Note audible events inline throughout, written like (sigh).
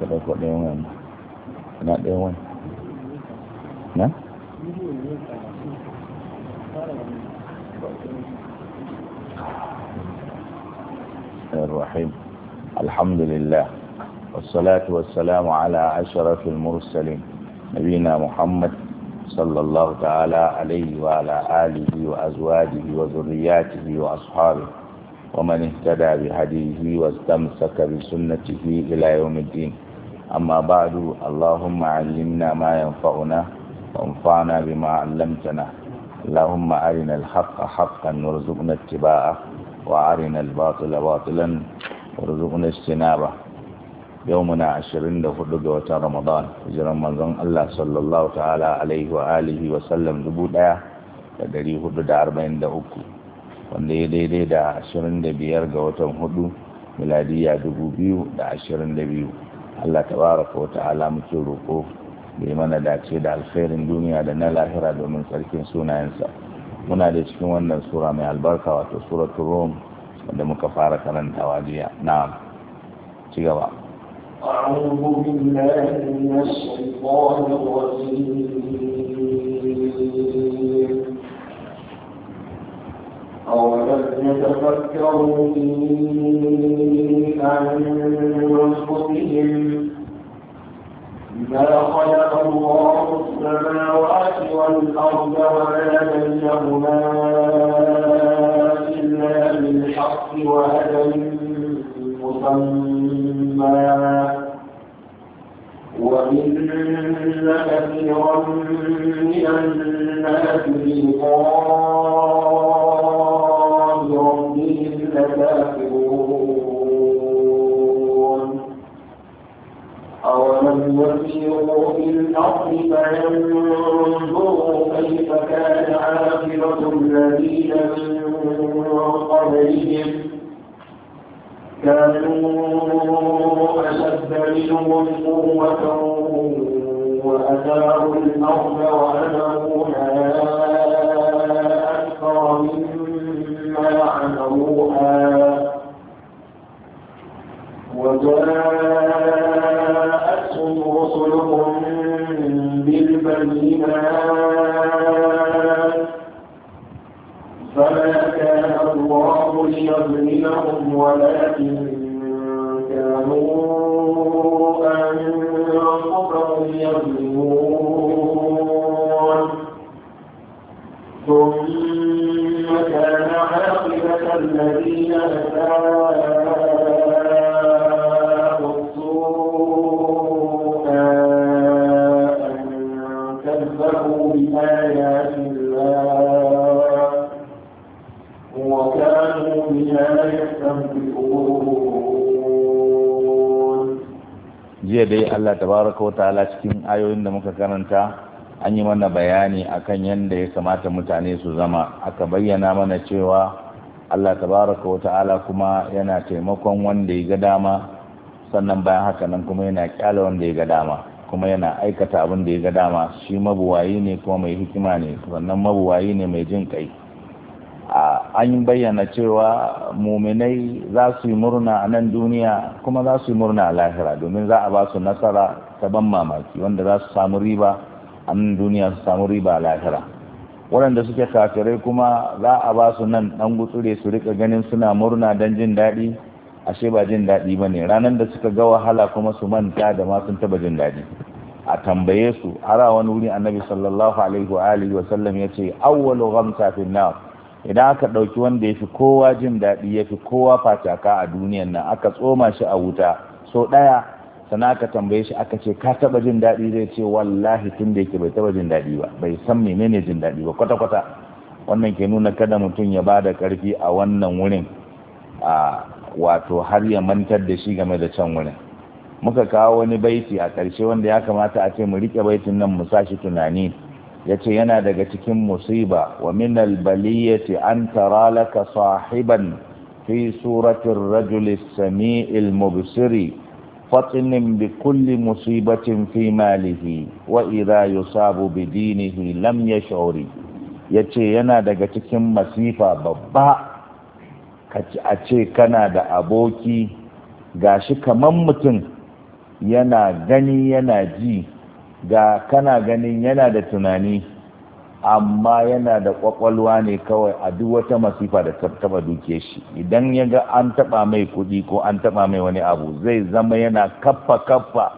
ka ɗauko ɗayan wani na wani na? الرحيم الحمد لله والصلاة والسلام على أشرف المرسلين نبينا محمد صلى الله تعالى عليه وعلى آله وأزواجه وذرياته وأصحابه ومن اهتدى بهديه واستمسك بسنته إلى يوم الدين amma ba'du allahumma allimna ma yanfa'una wanfa'na bima 'allamtana allahumma arinal haqqo haqqan warzuqna ittiba'a wa arinal batila batilan warzuqna ijtinaba yawmuna 24 ga watan ramadan jiran mazan allah sallallahu ta'ala alaihi wa sallam dubu daya da dari hudu da arba'in da uku wanda ya daidai da 25 ga watan hudu miladiyya dubu biyu da 22 Allah tabaraka wa ta'ala muke roƙo da mana dace da alkhairin duniya da na lahira domin tsarkin sunayensa muna da cikin wannan sura mai albarka wato suratul rum wanda muka fara karantawa jiya Na ci gaba أعوذ بالله من الشيطان الرجيم أولم يتفكروا في أنفسهم ما خلق الله السماوات والأرض وما بينهما إلا بالحق وأجل مسمى وإن كثيرا من الناس لقاء وسيروا في الأرض فانظروا كيف كان عاقبة الذين من قبلهم كانوا أشد منهم قوة وأثاروا الأرض وأمروا أكثر مما عمروها وجاءوا يظلمهم ولكن tabaraka wa ta'ala cikin ayoyin da muka karanta an yi mana bayani akan yadda ya kamata mutane su zama aka bayyana mana cewa Allah tabaraka wa ta'ala kuma yana taimakon wanda ya ga dama sannan bayan haka nan kuma yana kyala wanda ya ga dama kuma yana aikata abin da ya ga dama shi mabuwayi ne kuma mai hikima ne sannan mabuwayi ne mai jin kai an yi bayyana cewa muminai za su yi murna a nan duniya kuma za su yi murna a lahira domin za a ba su nasara ta ban mamaki wanda za su samu riba a nan duniya su samu riba a lahira waɗanda suke kafirai kuma za a ba su nan ɗan gutsure su rika ganin suna murna don jin daɗi ashe ba jin daɗi ba ne ranar da suka ga wahala kuma su manta da ma sun taɓa jin daɗi a tambaye su har wani wuri annabi sallallahu alaihi wa wa sallam ya ce awwalu ghamsa nar idan aka ɗauki wanda ya fi kowa jin daɗi ya fi kowa facaka a duniyan nan aka tsoma shi a wuta so ɗaya sana aka tambaye shi aka ce ka taɓa jin daɗi zai ce wallahi tun da yake bai taɓa jin daɗi ba bai san menene jin daɗi ba kwata-kwata wannan ke nuna kada mutum ya ba da ƙarfi a wannan wurin a wato har ya mantar da shi game da can wurin muka kawo wani baiti a ƙarshe wanda ya kamata a ce mu riƙe baitin nan mu sa shi tunani yace yana daga cikin musiba wa min albaliyati an tara laka sahiban fi suratun ar-rajul as-sami' al-mubsir fatin bi kulli musibatin fi malihi wa idha yusabu bi dinihi lam yash'uri yace yana daga cikin masifa babba kace a ce kana da aboki gashi kaman mutum yana gani yana ji ga kana ganin yana da tunani amma yana da kwakwalwa ne kawai a duk wata masifa da taba duke shi idan ya ga an taba mai kuɗi ko an taba mai wani abu zai zama yana kaffa kaffa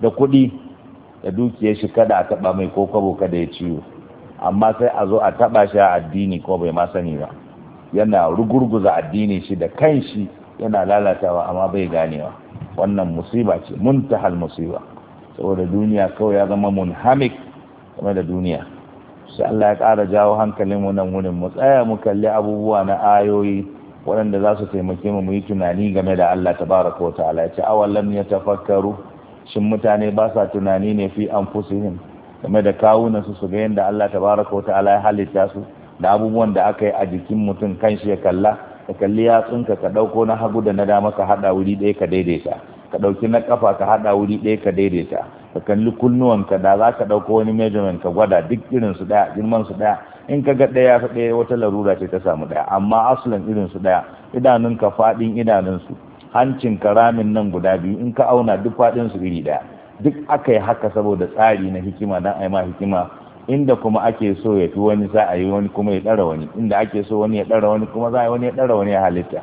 da kuɗi da dukiya shi kada a taba mai ko kwabo kada ya ciwo amma sai a zo a taba shi a addini ko bai ma sani ba yana rugurguza addini shi da kanshi yana lalatawa amma bai ganewa wannan musiba ce muntahal musiba saboda duniya kawai ya zama munhamik game da duniya sai Allah ya ƙara jawo hankalin mu nan wurin mu tsaya mu kalli abubuwa na ayoyi waɗanda za su taimake mu mu yi tunani game da Allah tabaraka wa ta'ala ya ce awalam yatafakkaru shin mutane ba sa tunani ne fi an fusihin game da kawunan su su ga yadda Allah tabaraka wa ta'ala ya halitta su da abubuwan da aka yi a jikin mutum kan shi ya kalla ka kalli yatsunka ka ɗauko na hagu da na dama ka haɗa wuri ɗaya ka daidaita ka ɗauki na ƙafa ka haɗa wuri ɗaya ka daidaita ka kalli kunnuwanka da za ka ɗauko wani measurement ka gwada duk irin su ɗaya girman su ɗaya in ka ga ɗaya ka ɗaya wata larura ce ta samu ɗaya amma asalin irin su ɗaya idanun ka faɗin idanunsu hancin ka ramin nan guda biyu in ka auna duk faɗin su iri ɗaya duk aka yi haka saboda tsari na hikima dan ai ma hikima inda kuma ake so ya fi wani za a yi wani kuma ya ɗara wani inda ake so wani ya ɗara wani kuma za a yi wani ya ɗara wani ya halitta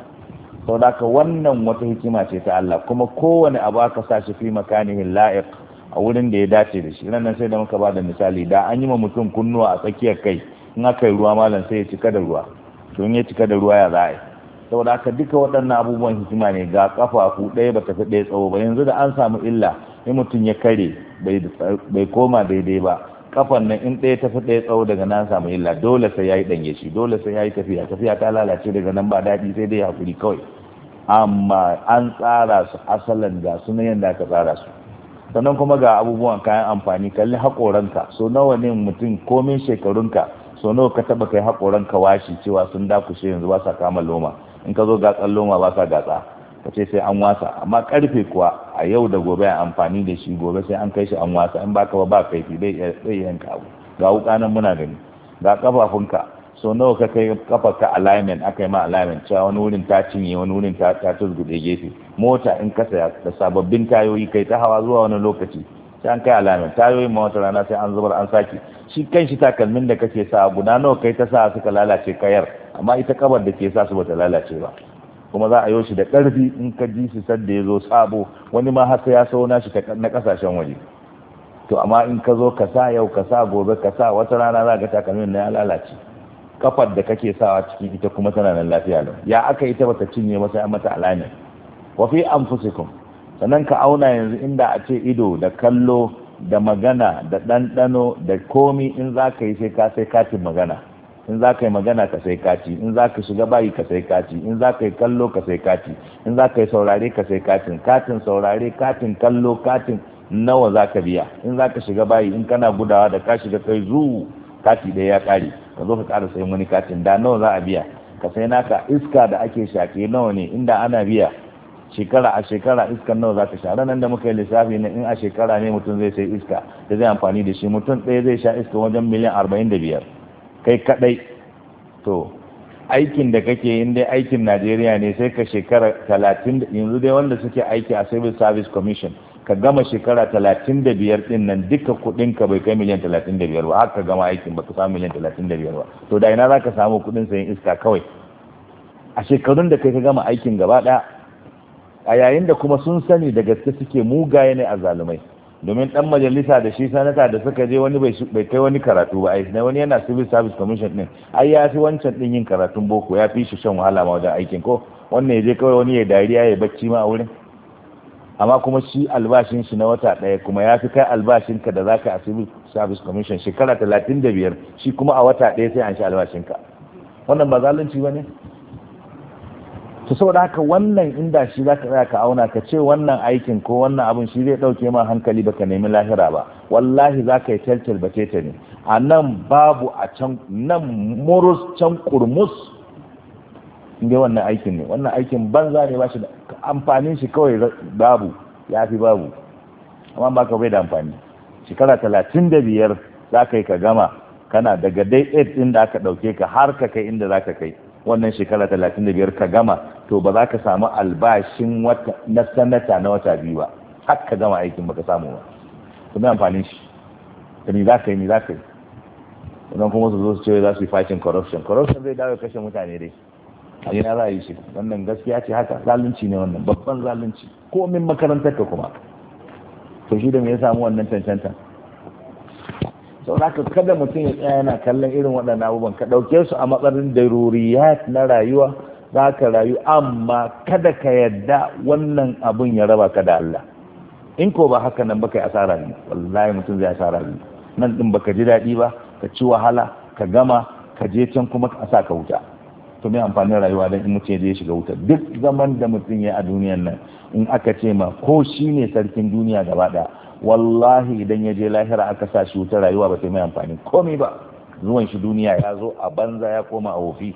sau da ka wannan wata hikima ce ta Allah kuma kowane abu aka sa shi fi makanihin la'iq a wurin da ya dace da shi nan sai da muka ba da misali da an yi ma mutum kunnuwa a tsakiyar kai in aka yi ruwa malam sai ya cika da ruwa to in ya cika da ruwa ya za a saboda haka duka waɗannan abubuwan hikima ne ga kafafu ɗaya ba fi ɗaya tsawo ba yanzu da an samu illa in mutum ya kare bai koma daidai ba kafan nan in ɗaya tafi ɗaya tsawo daga nan samu illa dole sai yi ɗanye shi dole sai ya yi tafiya tafiya ta lalace daga nan ba daɗi sai dai hakuri kawai amma an tsara su asalan ga su ne yadda aka tsara su sannan kuma ga abubuwan kayan amfani kalli haƙoranka so nawa ne mutum komin shekarunka so nawa ka taɓa kai haƙoranka washi cewa sun dakushe yanzu ba sa kama loma in ka zo gatsan loma ba sa gatsa ka ce sai an wasa amma karfe kuwa a yau da gobe a amfani da shi gobe sai an kai shi an wasa in baka ba ba kaifi bai yanka abu ga wukanan muna gani ga kafafunka so nawa ka kai kafarka alignment aka yi ma alignment cewa wani wurin ta cinye wani wurin ta ta gefe mota in ka saya da sababbin tayoyi kai ta hawa zuwa wani lokaci sai an kai alignment tayoyin ma wata rana sai an zubar an saki shi kan shi takalmin da kake sa guda nawa kai ta sa suka lalace kayar amma ita kabar da ke sa su bata lalace ba kuma za a yo shi da ƙarfi in ka ji shi sadda ya zo sabo wani ma haka ya sau na shi na ƙasashen waje to amma in ka zo ka sa yau ka sa gobe ka sa wata rana za ka takalmin na ya lalace kafar da kake sawa cikin ita kuma tana nan lafiya lau ya aka yi ta bata cinye masa ya mata alamin wa fi anfusikum sannan ka auna yanzu inda a ce ido da kallo da magana da ɗanɗano da komi in za ka yi sai ka sai katin magana in za ka yi magana ka sai kati in za ka shiga bayi ka sai kati in za ka yi kallo ka sai kati in za ka yi saurare ka sai katin katin saurare katin kallo katin nawa za ka biya in za ka shiga bayi in kana gudawa da ka shiga kai zu kati ɗaya ya ƙare ka zo ka ƙara sai wani katin da nawa za a biya ka sai naka iska da ake shaƙe nawa ne inda ana biya shekara a shekara iskan nawa za ka sha ranar da muka yi lissafi na in a shekara ne mutum zai sai iska da zai amfani da shi mutum ɗaya zai sha iska wajen miliyan arba'in da biyar kai kadai to aikin da kake yin dai aikin Najeriya ne sai ka shekara talatin yanzu dai wanda suke aiki a civil service commission ka gama shekara talatin da biyar din nan duka kudin ka bai kai miliyan talatin da biyar ba haka gama aikin ka samu miliyan talatin da biyar ba to da ina za ka samu kudin sayan iska kawai a shekarun da kai ka gama aikin gaba daya a yayin da kuma sun sani da gaske suke mugaye ne a zalumai domin dan majalisa da shi sanata da suka je wani bai kai wani karatu ba ai wani yana civil service commission din ai ya fi wancan din yin karatun boko ya fi shi shan wahala ma wajen aikin ko wannan ya je kawai wani ya dariya ya bacci ma a wurin amma kuma shi albashin shi na wata daya kuma ya fi kai albashin ka da zaka a civil service commission shekara talatin da biyar shi kuma a wata ɗaya sai an shi albashin ka wannan ba zalunci ba ne to saboda haka wannan inda shi za ka tsaya ka auna ka ce wannan aikin ko wannan abin shi zai ɗauke ma hankali ba ka nemi lahira ba wallahi za ka yi teltel ba ta ne a nan babu a can nan murus can kurmus inda wannan aikin ne wannan aikin banza ne ba shi da amfanin shi kawai babu ya fi babu amma ba ka bai da amfani shekara talatin da biyar za ka yi ka gama kana daga dai 8 ɗin aka ɗauke ka har ka kai inda za ka kai wannan shekara talatin da biyar ka gama to ba za ka samu albashin wata na sanata na wata biyu ba har ka gama aikin baka samu ba to mai amfanin shi ka ni za ka yi ni za ka yi wannan kuma su zo su ce za su yi fighting corruption corruption zai dawo kashe mutane dai a na za a yi shi wannan gaskiya ce haka zalunci ne wannan babban zalunci ko min makarantar ka kuma to shi da me ya samu wannan cancanta sau ka kada mutum ya tsaya yana kallon irin waɗannan abubuwan ka ɗauke su a matsayin daruriya na rayuwa za ka rayu amma kada ka yadda wannan abin ya raba ka da Allah in ko ba haka nan baka yi asara ne wallahi mutum zai asara ne nan din baka ji daɗi ba ka ci wahala ka gama ka je can kuma ka sa ka wuta to me amfanin rayuwa dan in mutum ya shiga wuta duk zaman da mutum ya a duniyar nan in aka ce ma ko shi ne sarkin duniya gaba ɗaya wallahi idan ya je lahira aka sa shi wuta rayuwa ba ta mai amfani komai ba zuwan shi duniya ya zo a banza ya koma a ofis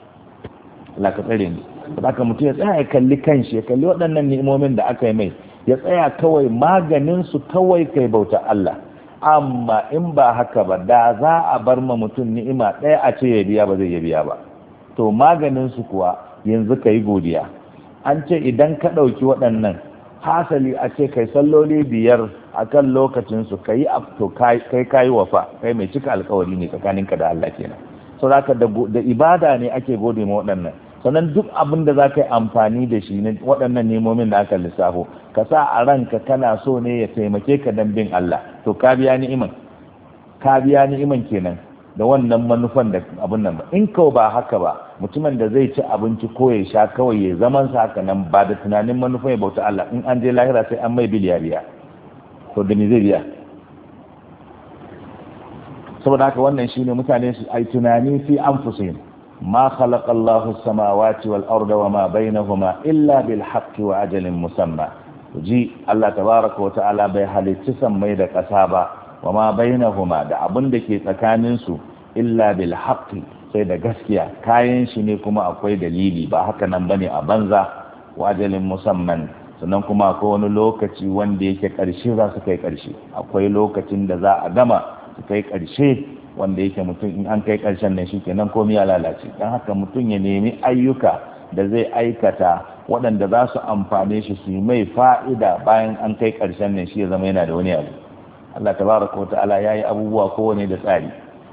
lakatsare ne saboda mutum ya tsaya ya kalli kanshi ya kalli waɗannan ni'imomin da aka yi mai ya tsaya kawai maganin su kawai kai bauta Allah amma in ba haka ba da za a bar ma mutum ni'ima ɗaya a ce ya biya ba zai ya biya ba to maganin su kuwa yanzu ka yi godiya an ce idan ka ɗauki waɗannan hasali a ce kai salloli biyar a kan lokacin lokacinsu ka yi kai kayi wafa kai mai cika alkawari ne tsakaninka da Allah kenan saboda da ibada ne ake gode ma waɗannan sannan duk abin da za ka yi amfani da shi na waɗannan nemomin da aka lissafo ka sa a ranka kana so ne ya taimake ka dan bin Allah to ka biya ni'iman ka biya ni'iman kenan da wannan manufan da abin nan ba in kawai ba haka ba mutumin da zai ci abinci ko ya sha kawai ya zaman sa haka nan ba da tunanin manufan ya bauta Allah in an je lahira sai an mai biliya biya to da ni zai biya saboda haka wannan shine mutane su ai tunani fi anfusihim ma khalaqa Allahu samawati wal arda wa ma bainahuma illa bil haqqi wa ajalin musamma ji Allah tabaraka wa ta'ala bai halicci sammai da ƙasa ba wa ma bainahuma da abin da ke tsakanin su illa bil haqqi sai da gaskiya kayan shi ne kuma akwai dalili ba haka nan bane a banza wa ajalin musamman sannan kuma akwai wani lokaci wanda yake ƙarshe za su kai ƙarshe akwai lokacin da za a gama su kai ƙarshe wanda yake mutum in an kai ƙarshen ne shi kenan komai ya lalace don haka mutum ya nemi ayyuka da zai aikata waɗanda za su amfane shi su yi mai fa'ida bayan an kai ƙarshen ne shi ya zama yana da wani abu Allah tabaraka ta'ala ya yi abubuwa kowane da tsari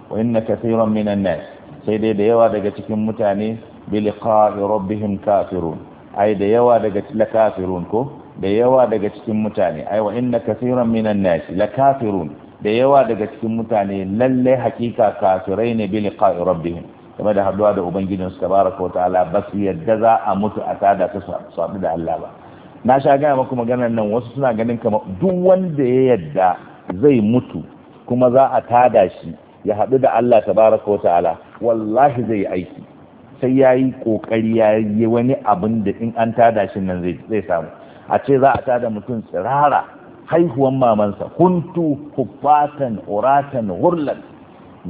wa inna kasiran minan nas sai dai da yawa daga cikin mutane bi liqa'i rabbihim kafirun ai da yawa daga la kafirun ko da yawa daga cikin mutane ai wa inna kasiran minan nas la kafirun da yawa daga cikin mutane lalle hakika kafirai ne bi liqa'i rabbihim game da haduwa da ubangijin su tabaraka wa ta'ala basu yadda za a mutu a tada ta sabu da Allah ba na sha gaya maku maganar nan wasu suna ganin kamar duk wanda ya yadda zai mutu kuma za a tada shi ya haɗu da Allah tabaraka wa ta'ala wallahi zai yi aiki sai yayi yi ƙoƙari ya yi wani abin da in an tada shi nan zai samu a ce za a tada mutum tsirara haihuwan mamansa kuntu huffatan uratan hurlan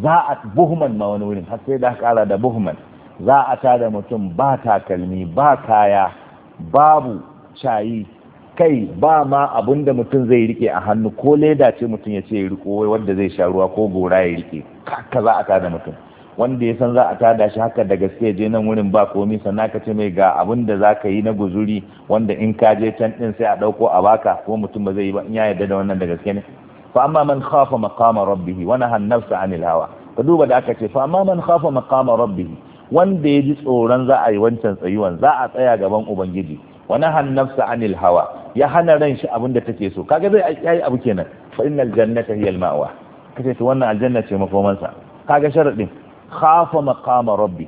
za a buhman ma wani wurin har sai da kara da buhman za a da mutum ba takalmi ba kaya babu cayi kai ba ma abun da mutum zai rike a hannu ko leda ce mutum ya ce ya riko wadda zai sha ruwa ko gora ya rike haka za a tada mutum wanda ya san za a tada shi haka da gaske je nan wurin ba komi sannan ka ce mai ga abin da za ka yi na guzuri wanda in ka je can din sai a ɗauko a baka ko mutum ba zai yi ba in ya yarda da wannan da gaske ne fa amma man khafa maqama rabbih wa nahan nafsa anil hawa ka duba da aka ce fa amma man khafa maqama rabbih wanda ya ji tsoron za a yi wancan tsayuwan za a tsaya gaban ubangiji wa nahan nafsa anil hawa ya hana ran shi abin da take so kaga zai yi abu kenan fa innal jannata hiya al ma'wa kace to wannan aljanna ce makomansa kaga sharadin khafa maqama rabbih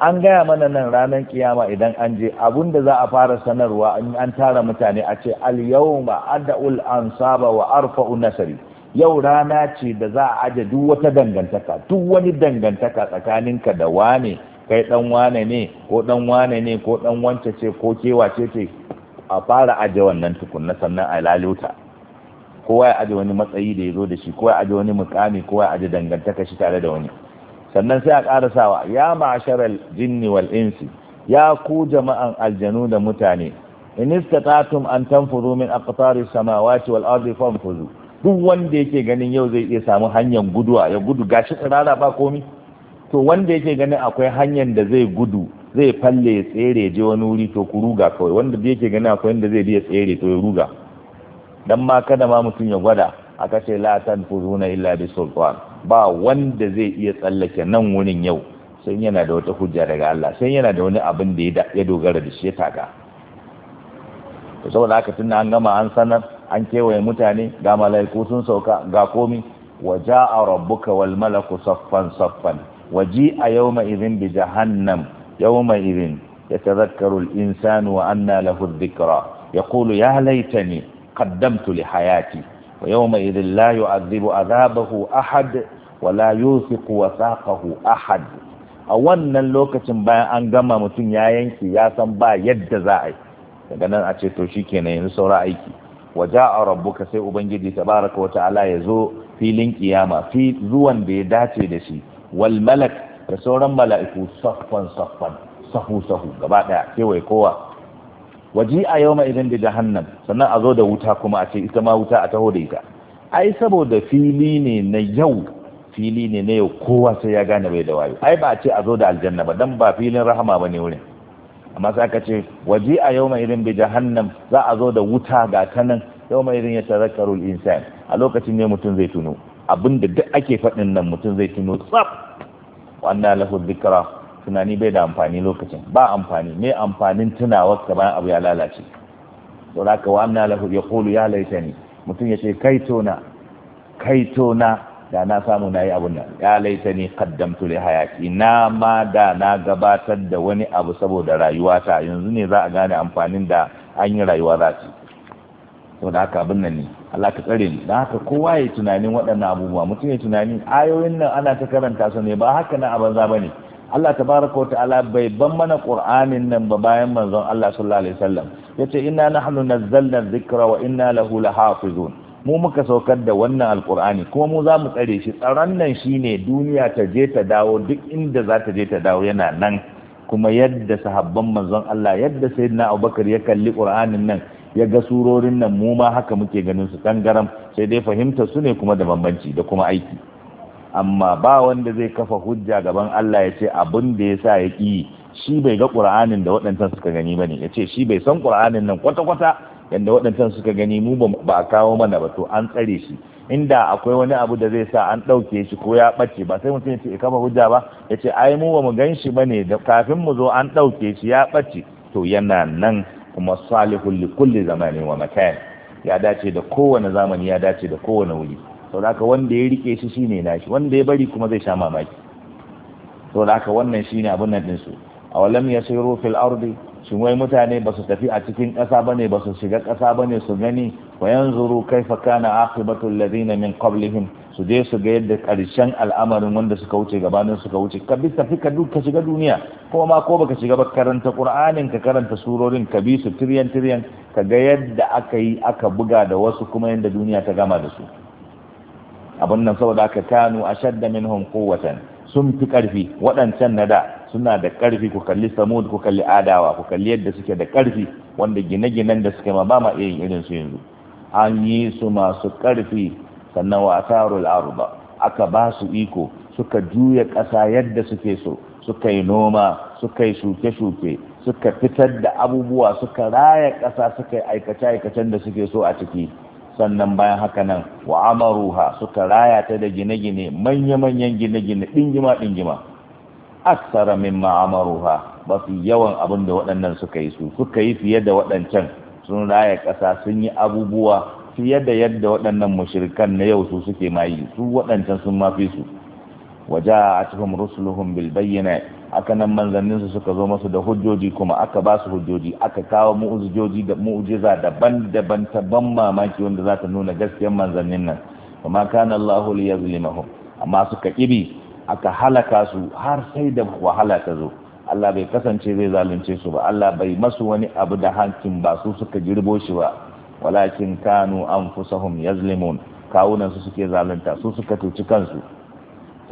an gaya mana nan ranar kiyama idan an je abinda za a fara sanarwa an tara mutane a ce al-yawma ad'ul ansaba wa arfa'u nasari yau rana ce da za a aje duk wata dangantaka duk wani dangantaka tsakaninka da wane kai dan wane ne ko dan wane ne ko dan wance ce ko kewa ce a fara aje wannan tukunna sannan a laluta kowa ya aje wani matsayi da ya zo da shi kowa ya aje wani mukami kowa ya aje dangantaka shi tare da wani sannan sai a karasawa ya ma'asharal jinni wal insi ya ku jama'an aljanu da mutane in istatatum an tanfudu min aqtaris samawati wal ardi fanfuzu duk wanda yake ganin yau zai iya samu hanyar guduwa ya gudu gashi tsirara ba komi to wanda yake ganin akwai hanyar da zai gudu zai falle ya tsere je wani wuri to ku ruga kawai wanda yake ganin akwai wanda zai biya tsere to ya ruga dan ma kada ma mutum ya gwada aka ce la fuzuna illa bi sultan ba wanda zai iya tsallake nan wurin yau sai yana da wata hujja daga Allah sai yana da wani abin da ya dogara da shi ya taka to saboda haka tunda an gama an sanar an kewaye mutane ga malaiku sun sauka ga komi waja'a rabbuka wal malaku saffan saffan waji'a yawma idhin bi jahannam yawma idhin yatadhakkaru al insanu wa anna lahu dhikra yaqulu ya laitani qaddamtu li hayati wa yawma idhin la yu'adhibu adhabahu ahad wa ahad a wannan lokacin bayan an gama mutum ya yanke ya san ba yadda za a yi daga nan a ce to shikenan yanzu saura aiki wa ja'a rabbuka sai ubangiji tabaraka wa ta'ala ya zo filin kiyama fi zuwan da ya dace da shi wal malak da sauran mala'iku saffan saffan sahu sahu gaba daya kewaye kowa waji a yau ma idan da jahannam sannan a zo da wuta kuma a ce ita ma wuta a taho da ita ai saboda fili ne na yau fili ne na yau kowa sai ya gane bai da wayo ai ba a ce a zo da aljanna ba dan ba filin rahama ba ne wurin amma sai aka ce waji a yau ma idan bi jahannam za a zo da wuta ga ta nan yau ma idan ya tazakkaru insan a lokacin ne mutum zai tuno abinda duk ake faɗin nan mutum zai tuno tsaf wannan lahu dhikra tunani bai da amfani lokacin ba amfani mai amfanin tunawa ka bayan abu ya lalace da haka wa anna lahu kulu ya laitani mutum ce kai tona kai tona da na samu nayi abun nan ya laitani qaddamtu li hayati na ma da na gabatar da wani abu saboda rayuwata yanzu ne za a gane amfanin da an yi rayuwa za ta sau da haka abin nan ne Allah ka tsare ni da haka kowa ya tunanin waɗannan abubuwa mutum ya tunani ayoyin nan ana ta karanta su ne ba haka na abanza ba ne Allah tabaraka wa ta'ala bai ban mana Qur'anin nan ba bayan manzon Allah sallallahu alaihi wasallam yace inna nahnu nazzalna dhikra wa inna lahu lahafizun mu muka saukar da wannan alqur'ani kuma mu zamu tsare shi tsaron nan shine duniya ta je ta dawo duk inda za ta je ta dawo yana nan kuma yadda sahabban manzon Allah yadda sayyidina Abubakar ya kalli Qur'anin nan ya ga surorin nan mu ma haka muke ganin su tangaram sai dai fahimta su ne kuma da bambanci da kuma aiki amma ba wanda zai kafa hujja gaban Allah ya ce abin da ya sa ya ƙi shi bai ga ƙur'anin da waɗancan suka gani ba ne ya ce shi bai san ƙura'anin nan kwata-kwata yadda waɗancan suka gani mu ba a kawo mana ba to an tsare shi inda akwai wani abu da zai sa an ɗauke shi ko ya ɓace ba sai mutum ya ce kafa hujja ba ya ce ai mu ba mu gan shi ba ne da kafin mu zo an ɗauke shi ya ɓace to yana nan kuma salihul li kulli zamani wa makan ya dace da kowane zamani ya dace da kowane wuri saboda wanda ya rike shi shine nashi wanda ya bari kuma zai sha mamaki saboda wannan shine abin nan a su awalam sai fil ardi shi wai mutane ba su tafi a cikin ƙasa ba ne ba su shiga ƙasa ba ne su gani wa kai faka na akibatun alladhina min qablihim su je su ga yadda ƙarshen al'amarin wanda suka wuce gabanin suka wuce ka bi tafi ka ka shiga duniya ko ma ko baka shiga ba karanta qur'anin ka karanta surorin ka bi su tiryan tiryan ka ga yadda aka yi aka buga da wasu kuma yadda duniya ta gama da su abin nan saboda ka kanu ashadda minhum quwwatan sun fi ƙarfi waɗancan na da suna da ƙarfi ku kalli samud ku kalli adawa ku kalli yadda suke da karfi wanda gine-ginen da suke ma ba ma iya irin su yanzu an yi su masu karfi sannan wa asarul arba aka ba su iko suka juya ƙasa yadda suke so suka yi noma suka yi shuke-shuke suka fitar da abubuwa suka raya ƙasa suka yi aikace-aikacen da suke so a ciki sannan bayan haka nan wa amaruha suka raya ta da gine-gine manya-manyan gine-gine ɗingima-ɗingima aksara mimma amaruha ba su yawan abin da waɗannan suka yi su suka yi fiye da waɗancan sun raya ƙasa sun yi abubuwa fiye da yadda waɗannan mushirikan na yau su suke mayi su waɗancan sun mafi su waja a cikin rusuluhun bilbayyana akanan nan manzanninsu suka zo masu da hujjoji kuma aka ba su hujjoji aka kawo mu'ujjoji da mu'ujiza daban-daban ta ban mamaki wanda za ta nuna gaskiyar manzannin nan kuma kana Allah li yazlimahum amma suka kibi aka halaka su har sai da wahala ta zo Allah bai kasance zai zalunce su ba Allah bai masu wani abu da hankin ba su suka girbo shi ba walakin kanu anfusahum yazlimun kawunan su suke zalunta su suka tuci kansu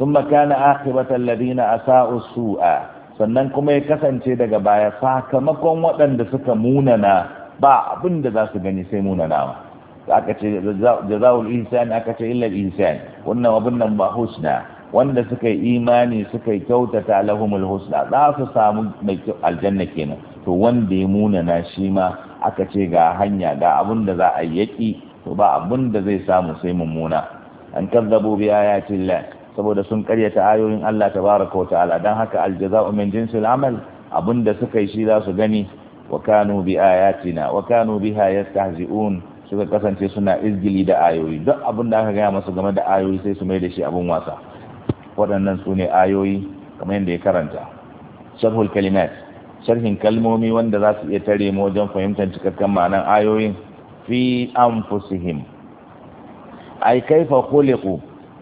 ثم كان آخرة الذين أساءوا السوء sannan kuma ya kasance daga baya sakamakon waɗanda suka munana ba abin da za su gani sai munanawa aka ce jaza'ul ihsan aka ce illa ihsan wannan abin nan ba husna wanda suka yi imani suka yi kyautata lahumul husna za su samu mai aljanna kenan to wanda ya munana shi ma aka ce ga hanya ga abin da za a yaki to ba abin da zai samu sai mummuna an kazzabu bi ayatin saboda sun karyata ayoyin Allah ta tabaraka wa ta'ala don haka aljaza min jinsil amal abinda suka yi shi za su gani wa kanu bi ayatina wa kanu biha suka kasance suna izgili da ayoyi duk da aka gaya masu game da ayoyi sai su mai da shi abin wasa waɗannan su ne ayoyi kamar yadda ya karanta sharhul kalimat sharhin kalmomi wanda za su iya tare mu wajen fahimtar cikakken ma'anar ayoyin fi anfusihim ay kaifa khuliqu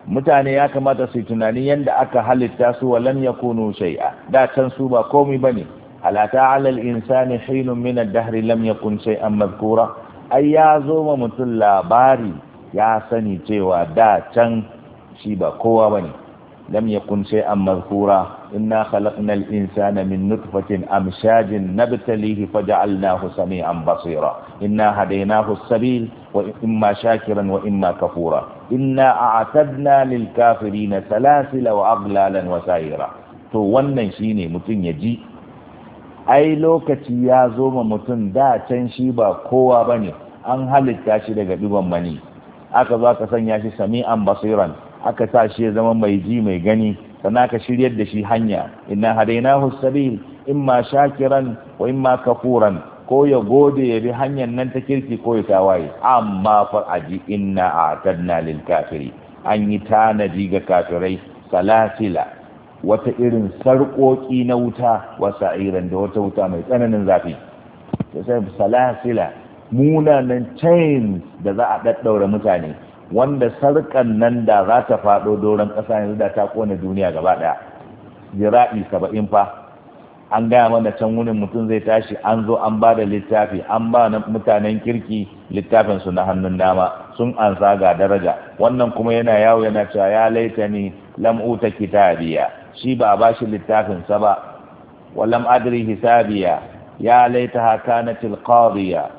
mutane ya kamata su yi tunanin yadda aka halitta su wa lam yakunu shay'a da can su ba komai bane alata alal insani hinun min ad-dahr lam yakun shay'an madhkura ai ya zo ma mutum labari ya sani cewa da can shi ba kowa bane lam yakun shay'an mazkura inna khalaqnal insana min nutfatin amshajin nabtalihi faja'alnahu sami'an basira inna hadaynahu as-sabil wa imma shakiran wa imma kafura inna a'tadna lil na salasila wa aghlalan wa sa'ira to wannan shine mutum ya ji ai lokaci ya zo ma mutum da can shi ba kowa bane an halitta shi daga digon mani aka zo ka sanya shi sami'an basiran aka sa shi ya zama mai ji mai gani sannan aka shiryar da shi hanya inna hadainahu sabil imma shakiran wa imma kafuran ko ya gode ya bi hanyar nan ta kirki ko ya tawaye amma fa aji inna a'tadna lil kafiri an yi tanadi ga kafirai salasila wata irin sarƙoƙi na wuta wa sa'iran da wata wuta mai tsananin zafi sai salasila munanan chains da za a daddaura mutane wanda sarkar nan da za ta faɗo doron ƙasa yanzu da ta kone duniya gaba ɗaya jira'i saba'in fa an gaya mana can wurin mutum zai tashi an zo an ba da littafi an ba mutanen kirki littafin su na hannun dama sun ansa ga daraja wannan kuma yana yawo yana cewa ya laita ni lam kitabiya shi ba ba shi littafin sa ba wa lam adri hisabiya ya laita ha kanatil qadiya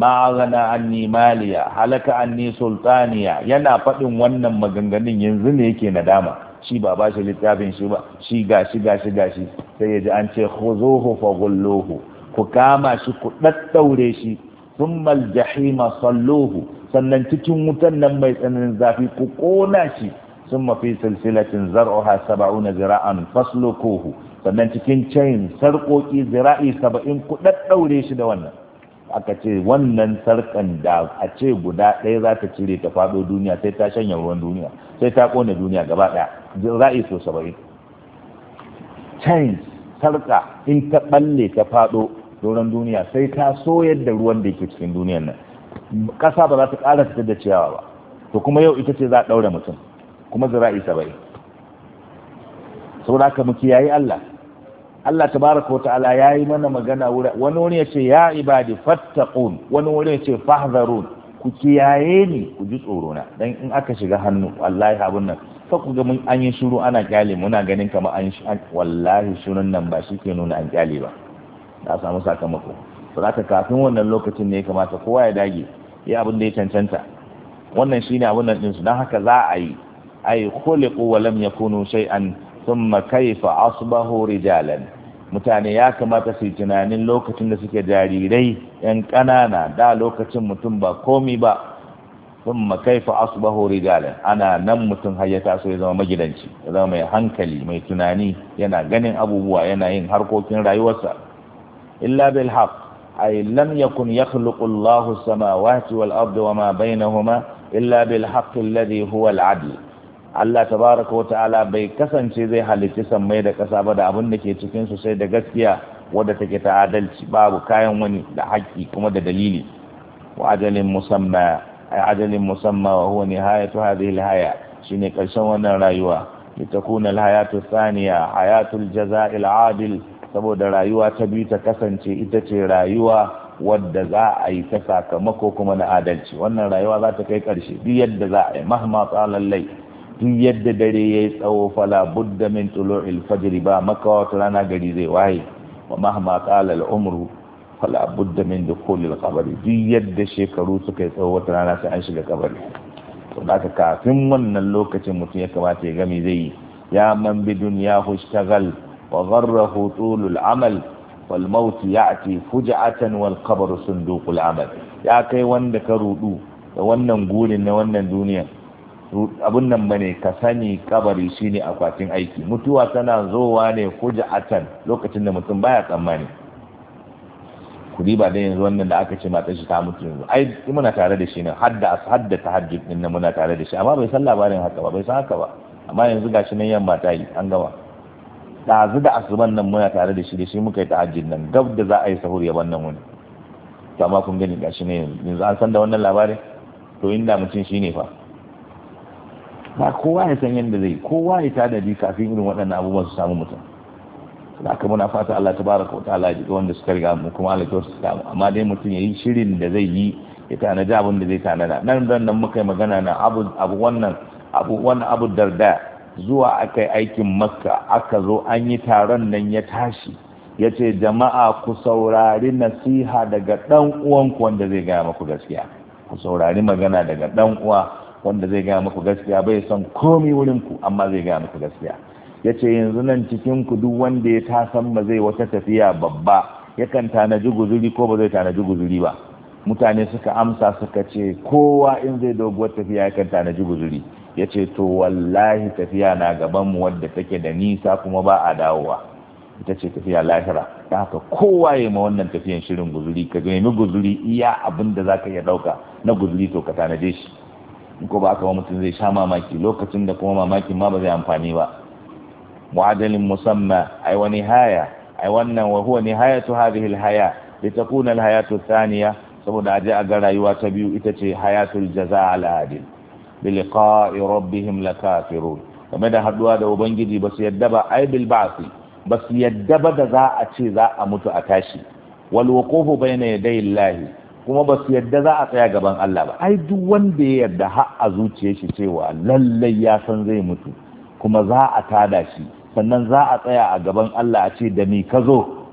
ma gana anni maliya halaka anni sultaniya yana faɗin wannan maganganun yanzu ne yake nadama shi ba ba shi littafin shi ba shi gashi gashi gashi sai ya ji an ce khuzuhu gulluhu ku kama shi ku daddaure shi thumma aljahima salluhu sannan cikin wutan nan mai tsananin zafi ku kona shi thumma fi silsilatin zar'uha 70 zira'an fasluquhu sannan cikin chain sarkoki zira'i 70 ku daddaure shi da wannan aka ce wannan sarkan da a ce guda ɗaya za ta cire ta faɗo duniya sai ta shanya ruwan duniya sai ta ƙone duniya gaba ɗaya za a yi so saba'in chains sarka in ta ɓalle ta faɗo doron duniya sai ta so yadda ruwan da ke cikin duniyan nan ƙasa ba za ta ƙara fitar da ciyawa ba to kuma yau ita ce za a ɗaure mutum kuma zira'i saba'in saboda haka mu kiyaye Allah Allah tabaraka wata'ala ya yi mana magana wuri. wani wani ya ce ya ibadi fattaqun wani wani ya ce fahdharun ku kiyaye ni ku ji tsoro na. dan in aka shiga hannu wallahi abun nan fa ku ga mun an yi shiru ana kyale muna ganin kama an shi wallahi shirun nan ba shi ke nuna an kyale ba na samu sakamako to zaka kafin wannan lokacin ne ya kamata kowa ya dage ya abin da ya cancanta wannan shine abun nan din su dan haka za a yi ay khuliqu wa lam yakunu shay'an thumma kaifa asbahu rijalan mutane ya kamata su yi tunanin lokacin da suke jarirai yan ƙanana da lokacin mutum ba komi ba thumma kaifa asbahu rijalan ana nan mutum har ya taso ya zama magidanci ya zama mai hankali mai tunani yana ganin abubuwa yana yin harkokin rayuwarsa illa bil haqq ay lam yakun yakhluqu Allahu samawati wal ardi wa ma bainahuma illa bil haqqi alladhi huwa al adl Allah tabaraka wa ta'ala bai kasance zai halicci sammai da ƙasa ba da abin da ke cikin su sai da gaskiya wadda take ta adalci babu kayan wani da haƙƙi kuma da dalili wa ajalin musamma ay ajalin musamma wa huwa nihayatu hadhihi al-haya shine ƙarshen wannan rayuwa litakuna al thaniya hayatul jaza'i jazail adil saboda rayuwa ta biyu ta kasance ita ce rayuwa wadda za a yi ta sakamako kuma na adalci wannan rayuwa za ta kai ƙarshe duk yadda za a yi mahma tsalallai duk yadda dare yayi tsawo fala budda min tulu'il fajr ba makawa rana gari zai waye wa mahma qala umru fala budda min dukhulil qabri duk yadda shekaru suka yi tsawo wata rana sai an shiga kabari to da kafin wannan lokacin mutum ya kamata ya gami zai yi ya man bi dunya hushtagal wa gharrahu tulul amal wal maut ya'ti fuj'atan wal qabru sunduqul amal ya kai wanda ka rudu da wannan gurin na wannan duniyar abun nan bane ka sani kabari shine akwatin aiki mutuwa tana zowa ne kuja'atan lokacin da mutum baya tsammani ku riba da yanzu wannan da aka ce matar shi ta mutu yanzu ai muna tare da shi ne hadda hadda tahajjud din nan muna tare da shi amma bai san labarin haka ba bai san haka ba amma yanzu gashi nan yamma ta yi an gama ɗazu da asuban nan muna tare da shi da shi muka yi tahajjud nan gab da za a yi sahur ya wannan wani to amma kun gani gashi ne yanzu an san da wannan labarin to inda mutum shine fa ba kowa ya san yadda zai kowa ya tanadi kafin irin waɗannan abubuwan su samu mutum da aka muna fata Allah ta baraka wa ta'ala ji wanda suka riga mu kuma Allah ta samu amma dai mutum ya yi shirin da zai yi ya tana abin da zai tanada nan dan nan muka yi magana na abu abu wannan abu wannan abu darda zuwa yi aikin makka aka zo an yi taron nan ya tashi ya ce jama'a ku saurari nasiha daga ɗan uwanku wanda zai gaya maku gaskiya ku saurari magana daga ɗan uwa wanda zai gaya muku gaskiya bai son komai wurin ku amma zai gaya muku gaskiya yace ce yanzu nan cikin ku duk wanda ya tasan ba zai wata tafiya babba yakan tanaji guzuri ko ba zai tanaji guzuri ba mutane suka amsa suka ce kowa in zai doguwar tafiya yakan tanaji guzuri yace to wallahi tafiya na gaban mu wadda take da nisa kuma ba a dawowa ita ce tafiya lahira ta haka kowa ya ma wannan tafiyan shirin guzuri ka nemi guzuri iya abin da za ka iya ɗauka na guzuri to ka tanaje shi ko ba aka mutum zai sha mamaki lokacin da kuma mamakin ma ba zai amfani ba mu'adalin musamma ai wa nihaya ai wannan wa huwa nihayatu hadhihi alhaya litakuna alhayatu thaniya saboda aje a ga rayuwa ta biyu ita ce hayatul jaza al-adil bi liqa'i rabbihim lakafirun game da haduwa da ubangiji ba su yadda ba ai bil ba'si ba su yadda ba da za a ce za a mutu a tashi wal wuqufu bayna yaday kuma ba su yadda za a tsaya gaban Allah ba ai duk wanda ya yarda har a zuciyar shi cewa lallai ya san zai mutu kuma za a tada shi sannan za a tsaya a gaban Allah a ce da ni ka zo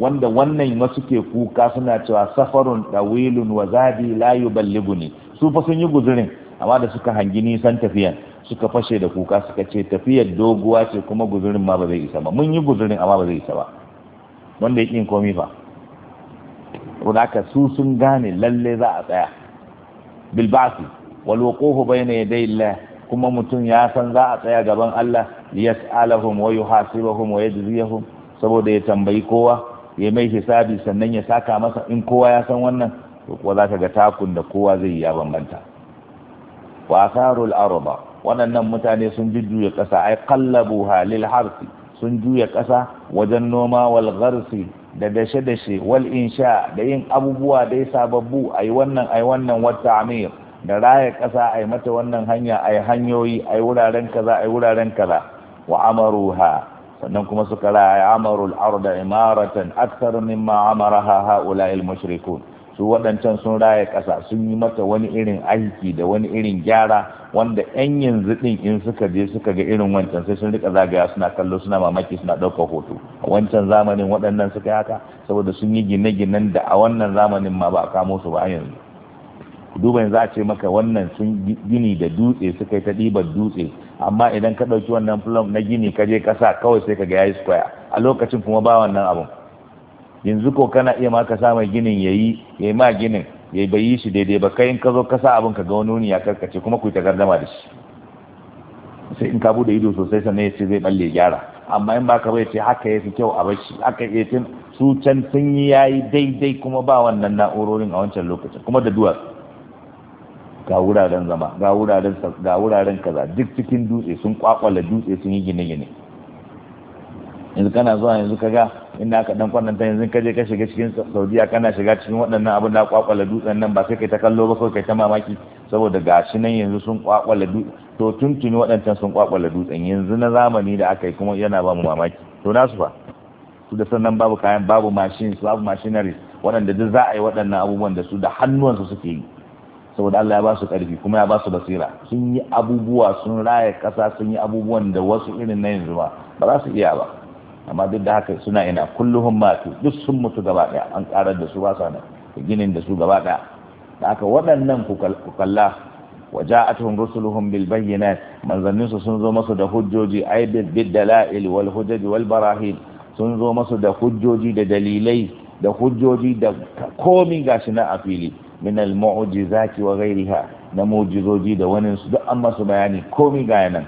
wanda wannan ma suke kuka suna cewa safarun dawilun wa zabi la yuballiguni su fa sun yi guzurin amma da suka hangi nisan tafiyan suka fashe da kuka suka ce tafiyar doguwa ce kuma guzurin ma ba zai isa ba mun yi guzurin amma ba zai isa ba wanda ya komi fa hunaka su sun gane lalle za a tsaya bilbasi wal bai na yadda illa kuma mutum ya san za a tsaya gaban Allah liyas'alahum wa yuhasibahum wa yajziyahum saboda ya tambayi kowa ya mai hisabi sannan ya saka masa in kowa ya san wannan to kuwa ga takun da kowa zai ya bambanta wa asarul arda waɗannan mutane sun jujjuya ƙasa ai qallabuha lil harsi sun juya ƙasa wajen noma wal gharsi da dashe-dashe wal insha da yin abubuwa dai sababbu ai wannan ai wannan wata amir da raya ƙasa ai mata wannan hanya ai hanyoyi ai wuraren kaza ai wuraren kaza wa amaruha sannan kuma suka raya amarul da imaratan akthar mimma haula haula'il mushrikun su waɗancan sun raya ƙasa sun yi mata wani irin aiki da wani irin gyara wanda 'yan yanzu ɗin in suka je suka ga irin wancan sai sun rika zagaya suna kallo suna mamaki suna ɗaukar hoto a wancan zamanin waɗannan suka yi haka saboda sun yi gine-ginen da a wannan zamanin ma ba a kamo su ba a yanzu duba yanzu a ce maka wannan sun gini da dutse suka yi ta ɗibar dutse amma idan ka ɗauki wannan fulam na gini ka je ƙasa kawai sai ka ga yayi square a lokacin kuma ba wannan abun yanzu ko kana iya ma ka sa mai ginin yayi yayi ma ginin ya bai yi shi daidai ba kai in ka zo ka sa abin ka ga wani wuni ya karkace kuma ku ta gardama da shi sai in ka bude ido sosai sannan ya ce zai balle gyara amma in baka bai ce haka ya kyau a bashi haka ya ce su can sun yi yayi daidai kuma ba wannan na'urorin a wancan lokacin kuma da duwatsu ga wuraren zama ga wuraren ga wuraren kaza duk cikin dutse sun kwakwala dutse sun yi gine-gine yanzu kana zuwa yanzu kaga inda aka dan kwananta yanzu ka je ka shiga cikin Saudiya kana shiga cikin waɗannan abin da kwakwala dutsen nan ba sai kai ta kallo ba kai ta mamaki saboda gashi nan yanzu sun kwakwala dutsen to tuntuni waɗancan sun kwakwala dutsen yanzu na zamani da aka yi kuma yana ba mu mamaki to nasu fa su da sannan babu kayan babu machines babu machineries waɗanda duk za a yi waɗannan abubuwan da su da hannuwansu suke yi saboda Allah ya ba su ƙarfi kuma ya ba su basira sun yi abubuwa sun raya ƙasa sun yi abubuwan da wasu irin na yanzu ba ba za su iya ba amma duk da haka suna ina kulluhun matu duk sun mutu gaba daya an karar da su ba sa ginin da su gaba daya da aka waɗannan ku kalla wa ja'atuhum rusuluhum bil bayyinat manzannin su sun zo masu da hujjoji ay bid dalail wal hujaj wal barahin sun zo masu da hujjoji da dalilai da hujjoji da komi gashi na a fili min al mu'jizati wa ghayriha na mu'jizoji da wani su duk an masu bayani komi ga nan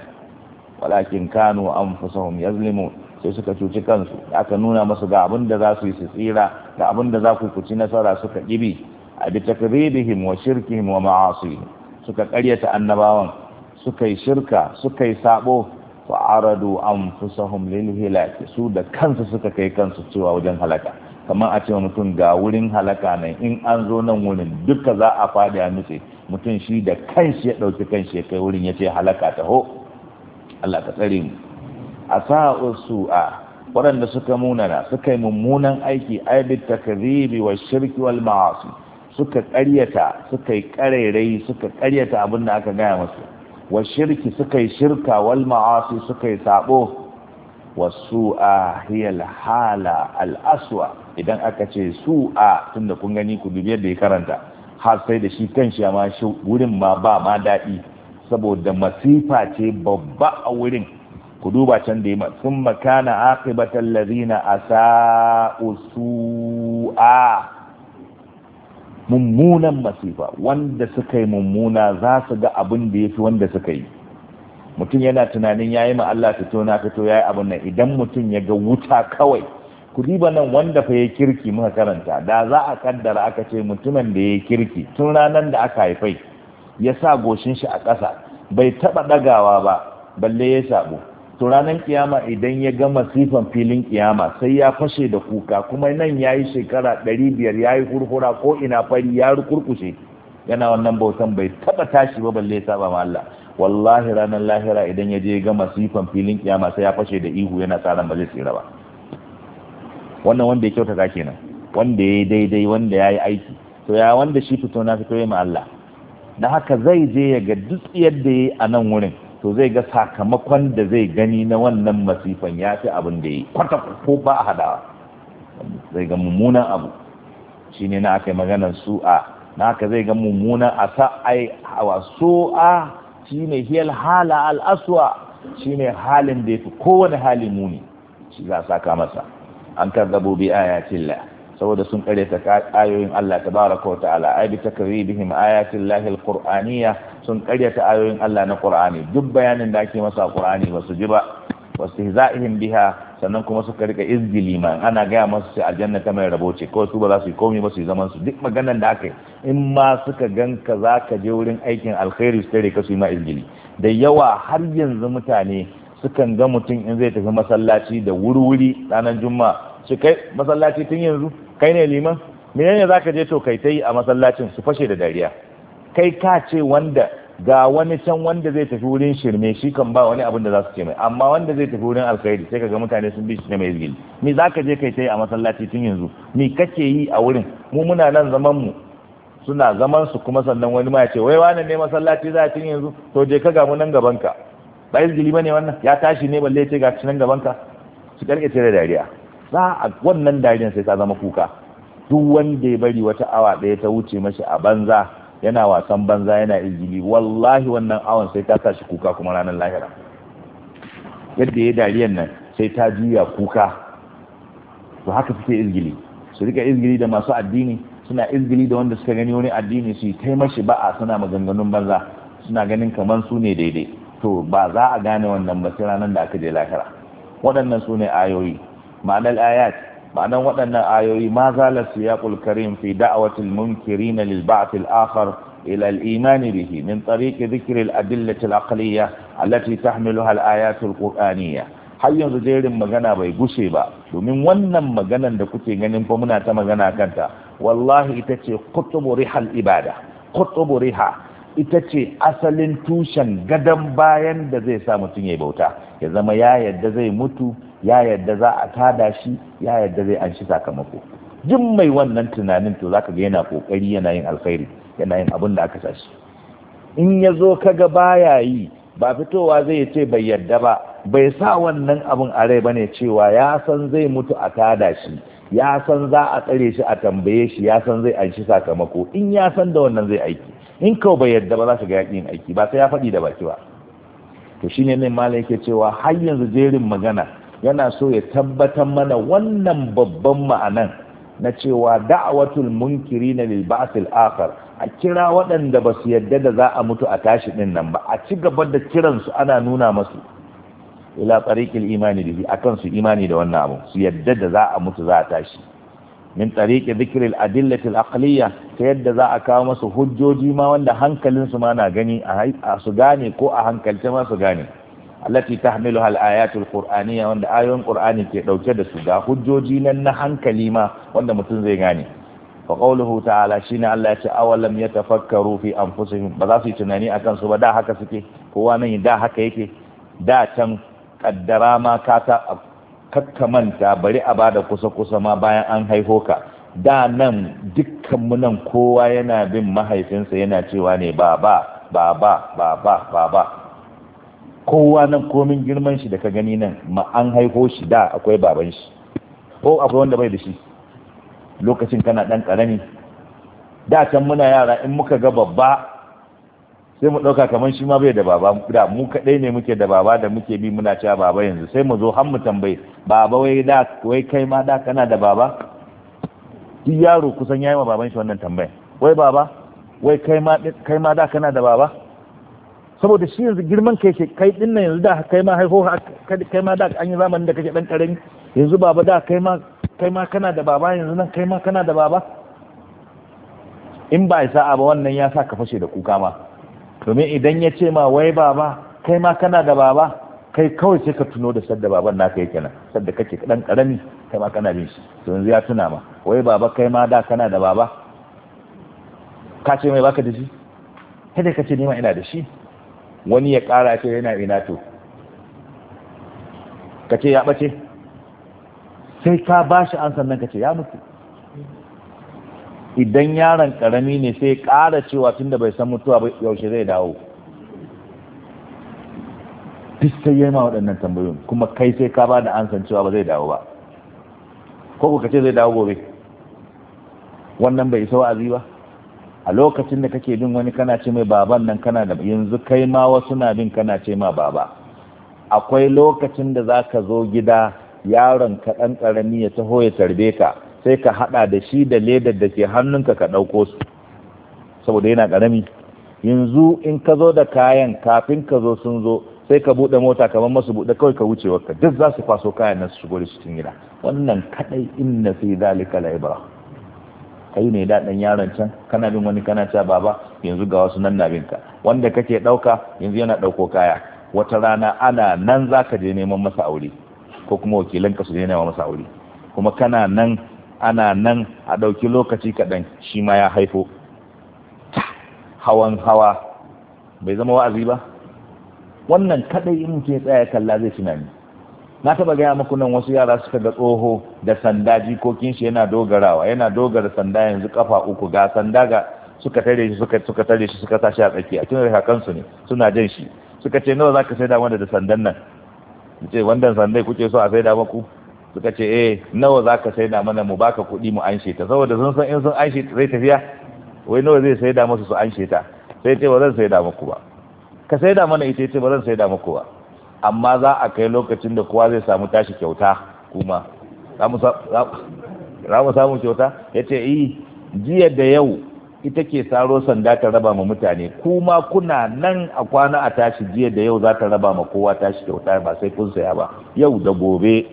walakin kanu anfusahum yazlimun sai suka cuci kansu aka nuna masu ga abin da za su yi su tsira ga abin da za ku kuci nasara suka ƙibi a bi takribihim wa shirkihim wa ma'asihim suka ƙaryata annabawan suka yi shirka suka yi sabo wa aradu anfusahum lil hilak su da kansu suka kai kansu cewa wajen halaka kamar a ce mutum ga wurin halaka nan in an zo nan wurin duka za a faɗi a nutse mutum shi da kanshi ya ɗauki kanshi ya kai wurin ya ce halaka taho Allah ka tsare mu asa'u su'a waɗanda suka munana suka yi mummunan aiki aibin takdhibi wa shirki wal ma'asi suka ƙaryata suka yi ƙarairai suka ƙaryata abin da aka gaya musu wa shirki suka yi shirka wal ma'asi suka yi sabo wa su'a hiya hala al idan aka ce su'a tunda kun gani ku dubi da ya karanta har sai da shi kanshi ma shi wurin ma ba ma daɗi saboda masifa ce babba a wurin ku duba can da yi matsun makana akibatan lazina a sa'usu'a mummunan masifa wanda suka yi mummuna za su ga abin da ya fi wanda suka yi mutum yana tunanin ya yi ma Allah ta tona ka to ya yi abin nan idan mutum ya ga wuta kawai ku diba nan wanda fa ya kirki muka karanta da za a kaddara aka ce mutumin da ya kirki tun ranar da aka haifai ya sa goshin shi a ƙasa bai taɓa ɗagawa ba balle ya sabo to ranar kiyama idan ya ga masifan filin kiyama sai ya fashe da kuka kuma nan ya yi shekara ɗari biyar ya yi hurhura ko ina fari ya rukurkushe yana wannan bautan bai taba tashi ba balle saba ma Allah wallahi ranar lahira idan ya je ga masifan filin kiyama sai ya fashe da ihu yana tsara ba zai tsira ba wannan wanda ya kyautata kenan wanda ya yi daidai wanda ya yi aiki to ya wanda shi fito na fito ya ma Allah da haka zai je ya ga duk yadda ya yi a nan wurin to zai ga sakamakon da zai gani na wannan masifan ya fi abin da yi kwata ko ba a hadawa zai ga mummunan abu shi ne na aka yi maganar su'a na aka zai ga mummunan a sa'ai hawa su'a shi ne hiyar hala al'aswa shi ne halin da ya fi kowane hali muni shi za a saka masa an karzabo bi ayatillah saboda sun karyata ta ayoyin Allah tabaraka wa ta'ala ai bi takribihim ayatil lahil qur'aniyya sun karyata ayoyin Allah na Qur'ani duk bayanin da ake masa Qur'ani ba su ji ba wastihza'ihim biha sannan kuma suka rika izgi ma ana gaya masu sai aljanna ta mai rabo ce kawai su ba za su yi komai ba su yi zaman su duk maganan da aka yi in ma suka ganka za ka je wurin aikin alkhairi su tare ka su yi ma izgili da yawa har yanzu mutane sukan ga mutum in zai tafi masallaci da wuri ranar juma'a su kai masallaci tun yanzu kai ne liman menene za ka je to kai ta a masallacin su fashe da dariya kai ka ce wanda ga wani can wanda zai tafi wurin shirme shi kan ba wani abin da za su ce mai amma wanda zai tafi wurin alkhairi sai kaga mutane sun bi shi ne mai izgili me za ka je kai ta yi a masallaci tun yanzu me kake yi a wurin mu muna nan zaman mu suna zaman su kuma sannan wani ma ya ce wai wani ne masallaci za tun yanzu to je ka ga mu nan gaban ka ba izgili ne wannan ya tashi ne balle ce ga nan gaban ka su karkace da dariya za a wannan dariyan sai ta zama kuka duk wanda ya bari wata awa ɗaya ta wuce mashi a banza yana wasan banza yana izgili wallahi wannan awon sai ta tashi kuka kuma ranar lahira yadda ya dariyan nan sai ta juya kuka to haka suke izgili su rika izgili da masu addini suna izgili da wanda suka gani wani addini su yi taimashi ba'a suna maganganun banza suna ganin kamar su ne daidai to ba za a gane wannan ba sai ranar da aka je lahira waɗannan su ne ayoyi ma'anar ayat ma'anan waɗannan ayoyi ma zala siyaqul karim fi da'watil munkirin lil ba'th akhar ila al iman bihi min tariq dhikr al adillah allati tahmiluha al har yanzu jerin magana bai gushe ba domin wannan maganan da kuke ganin fa muna ta magana kanta wallahi ita ce qutubu rihal ibada qutubu riha ita ce asalin tushen gadon bayan da zai sa mutum ya bauta ya zama ya yadda zai mutu ya yadda za a tada shi ya yadda zai an shi sakamako jin mai wannan tunanin to zaka ga yana kokari yana yin alkhairi yana yin abin da aka sashi. in ya zo kaga baya yi ba fitowa zai ce bai yadda ba bai sa wannan abin a rai bane cewa ya san zai mutu a tada shi ya san za a tsare shi a tambaye shi ya san zai an shi sakamako in ya san da wannan zai aiki in kawo bai yadda ba za ka ga yakin aiki ba sai ya faɗi da baki ba to shine ne malam yake cewa har yanzu jerin magana yana so ya tabbatar mana wannan babban ma'anan na cewa da'awatul munkiri na lil ba'sil akhar a kira waɗanda ba su yadda da za a mutu a tashi ɗin nan ba a ci gaba da kiransu ana nuna masu ila tsariƙin imani da akan su imani da wannan abu su yadda da za a mutu za a tashi min tsariƙi zikirin adillatil akaliyya ta yadda za a kawo masu hujjoji ma wanda hankalinsu ma na gani a su gane ko a hankalce ma su gane allati tahmiluha hal ayatul qur'aniyya wanda ayoyin qur'ani ke dauke da su ga hujjoji nan na hankali ma wanda mutum zai gane fa qawluhu ta'ala shine Allah ya ce awalam yatafakkaru fi anfusihim ba za su yi tunani akan su ba da haka suke kowa nan da haka yake da can kaddara ma ka ta kakkamanta bari a bada kusa kusa ma bayan an haifo ka da nan dukkan mu nan kowa yana bin mahaifinsa yana cewa ne baba baba baba baba kowa nan komin girman shi da ka gani nan ma an haiko shi da akwai baban shi ko akwai wanda bai da shi lokacin kana dan karami da can muna yara in muka ga babba sai mu ɗauka kamar shi ma bai da baba da mu kaɗai ne muke da baba da muke bi muna cewa baba yanzu sai mu zo har mu tambaye baba wai da wai kai ma da kana da baba duk yaro kusan yayi wa baban shi wannan tambayar wai baba wai kai ma kai ma da kana da baba saboda shi yanzu girman kai ke kai din nan yanzu da kai ma haifo kai ma da an yi zamanin da kake dan karami yanzu baba da kai ma kai ma kana da baba yanzu nan kai ma kana da baba in ba ya a ba wannan ya sa ka fashe da kuka ma domin idan ya ce ma wai baba kai ma kana da baba kai kawai sai ka tuno da sadda baban naka yake nan sadda kake dan karami kai ma kana bin shi to yanzu ya tuna ma wai baba kai ma da kana da baba ka ce mai baka da shi kada ka ce nima ma ina da shi wani ya ƙara ce yana ina to ka ce ya ɓace sai ka ba shi an sannan ka ce ya mutu idan yaron ƙarami ne sai ƙara cewa tun da bai san mutuwa ba yaushe zai dawo duk sai yi ma waɗannan tambayoyin kuma kai sai ka ba da an san cewa ba zai dawo ba ko ka ce zai dawo gobe wannan bai isa wa'azi ba a lokacin da kake bin wani kana ce mai baban nan kana da yanzu kai ma wasu na bin kana ce ma baba akwai lokacin da za ka zo gida yaron ka ɗan ƙarami ya taho ya tarbe ka sai ka haɗa da shi da ledar da ke hannunka ka ɗauko su saboda yana ƙarami yanzu in ka zo da kayan kafin ka zo sun zo sai ka buɗe mota kamar masu buɗe kawai ka wucewa. Ka duk za su kwaso kayan nan su shigo cikin gida wannan kaɗai inna fi zalika la ibrahim kai ne daɗin yaron can kana bin wani kana cewa baba yanzu ga wasu nan na binka wanda kake ɗauka yanzu yana ɗauko kaya wata rana ana nan zaka je neman masa aure ko kuma wakilanka su je neman masa aure kuma kana nan ana nan a ɗauki lokaci kaɗan shi ma ya haifo hawan hawa bai zama wa'azi ba wannan kaɗai in ke tsaya kalla zai tunani na taba gaya muku nan wasu yara suka ga tsoho da sanda jikokin shi yana dogarawa yana dogara sanda yanzu kafa uku ga sanda ga suka tare shi suka suka tare shi suka tashi a a tunar da kansu ne suna jan shi suka ce nawa zaka saida wanda da sandan nan ce wannan sandai kuke so a saida muku suka ce eh nawa zaka saida mana mu baka kuɗi mu anshe ta saboda sun san in sun anshe zai tafiya wai nawa zai saida musu su anshe ta sai ce ba zan saida muku ba ka saida mana ita ce ba zan saida muku ba amma za a kai lokacin da kowa zai samu tashi kyauta kuma za mu samu kyauta ya ce yi eh, jiya da yau ita ke saro sanda ta raba ma mutane kuma kuna nan a kwana a tashi jiya da yau za ta raba ma kowa tashi kyauta ba sai kun saya ba yau da gobe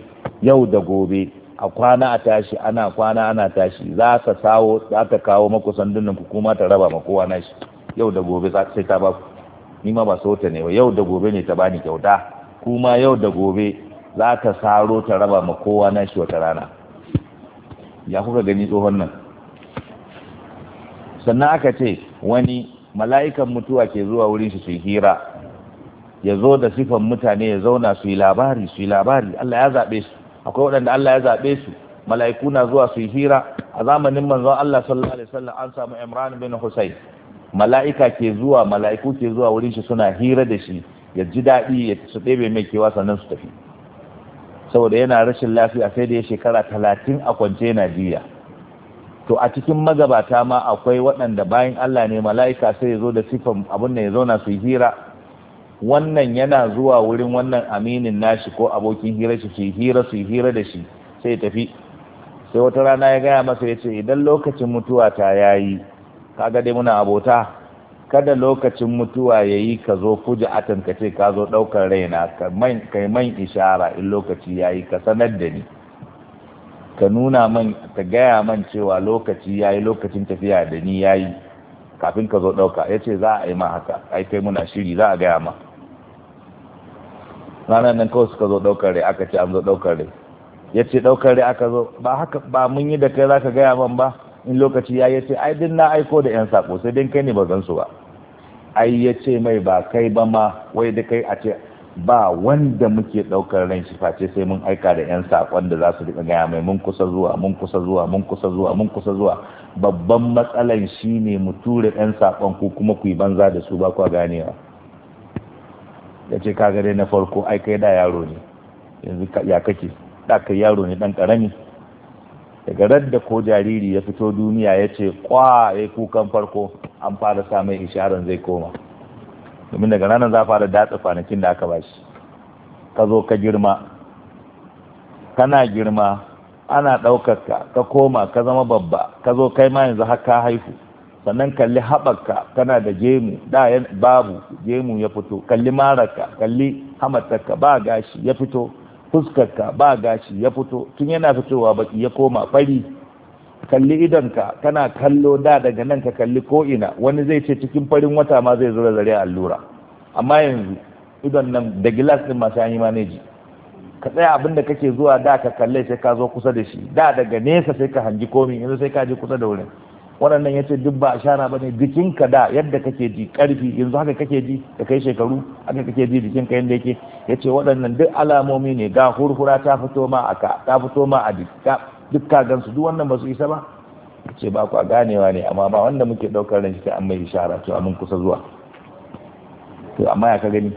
yau da gobe a kwana a tashi ana kwana ana tashi za ta sawo za ta kawo maku sandunan ku kuma ta raba ma kowa nashi yau da gobe sai ta ba ku ni ma ba sauta ne yau da gobe ne ta bani kyauta kuma yau da gobe za ta saro ta raba ma kowa na shi wata rana ya kuka gani tsohon nan sannan aka ce wani mala'ikan mutuwa ke zuwa wurin shi su hira ya zo da sifan mutane ya zauna su yi labari su yi labari Allah ya zaɓe su akwai waɗanda Allah ya zaɓe su mala'iku na zuwa su yi hira a zamanin manzon Allah sallallahu alaihi wasallam an samu Imran bin Hussein. mala'ika ke zuwa mala'iku ke zuwa wurin shi suna hira da shi ya ji daɗi ya su ɗebe mai kewa sannan su tafi saboda yana rashin lafiya sai da ya shekara talatin a kwance Najeriya. to a cikin magabata ma akwai waɗanda bayan Allah ne mala'ika sai ya zo da sifan abin da ya zauna su yi hira wannan yana zuwa wurin wannan aminin nashi ko abokin hira shi su hira su hira da shi sai ya tafi sai wata rana ya gaya masa ya ce idan lokacin mutuwa ta yayi kaga dai muna abota kada lokacin mutuwa ya yi ka zo kuji atan ka ce ka zo ɗaukar raina kai man ishara in lokaci ya yi ka sanar da ni ka nuna man ka gaya man cewa lokaci ya yi lokacin tafiya da ni ya yi kafin ka zo ɗauka ya ce za a yi ma haka ai kai muna shiri za a gaya ma ranar nan kawai suka zo ɗaukar rai aka ce an zo ɗaukar rai ya ce ɗaukar rai aka zo ba haka ba mun yi da kai za ka gaya man ba in lokaci ya yace ai din na aiko da yan sako sai din kai ne ba zan su ba ai yace mai ba kai ba ma wai da kai a ce ba wanda muke ɗaukar ran shi face sai mun aika da yan sakon da za su rika gaya mai mun kusa zuwa mun kusa zuwa mun kusa zuwa mun kusa zuwa babban matsalan shine mu tura yan sakon ku kuma ku yi banza da su ba kwa ganewa yace kaga dai na farko ai kai da yaro ne yanzu ya kake da kai yaro ne dan karami daga radda ko jariri ya fito duniya ya ce kwa ya kukan farko an fara sa mai isharar zai koma domin daga ranar za fara datsa kwanakin da aka shi ka zo ka girma kana girma ana ɗaukar ka ka koma ka zama babba ka zo kai ma yanzu haka haihu sannan kalli haɓarka kana da jemu da babu gemu ya fito kalli mararka kalli hamatarka ba gashi ya fito fuskarka ba gashi ya fito tun yana fitowa baki ya koma fari kalli idonka kana kallo da daga nan ka kalli ko ina wani zai ce cikin farin wata ma zai zura zare allura amma yanzu idon nan da gilas din masu ma ne maneji ka tsaya abin da kake zuwa da ka kalle sai ka zo kusa da shi da daga nesa sai ka hangi komi yanzu sai ka je kusa da wurin waɗannan ya ce duk ba a shara ba ne jikinka da yadda kake ji ƙarfi yanzu haka kake ji da kai shekaru haka kake ji jikinka yadda yake ya ce waɗannan duk alamomi ne ga hurhura ta fito ma a ka ta fito ma a duk ka gansu duk wannan ba su isa ba ce ba ku a ganewa ne amma ba wanda muke ɗaukar ran shi ta an mai ishara to mun kusa zuwa to amma ya ka gani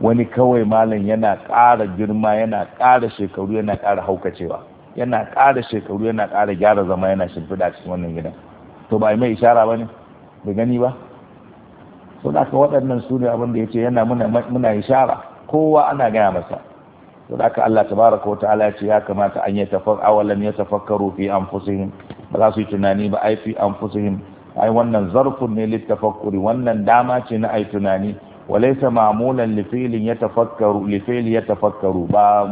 wani kawai malam yana ƙara girma yana ƙara shekaru yana ƙara haukacewa yana ƙara shekaru yana ƙara gyara zama yana shimfiɗa cikin wannan gidan to ba mai ishara ba ne bai gani ba so da aka waɗannan su ne abin da ya ce yana muna ishara kowa ana gaya masa to da aka Allah ta wa ta'ala ya ce ya kamata an yi tafar awalan ya tafakkaru fi anfusihim ba za su yi tunani ba ai fi anfusihim ai wannan zarfun ne littafakkuri wannan dama ce na ai tunani walaisa ma'mulan li fi'lin yatafakkaru li fi'li yatafakkaru ba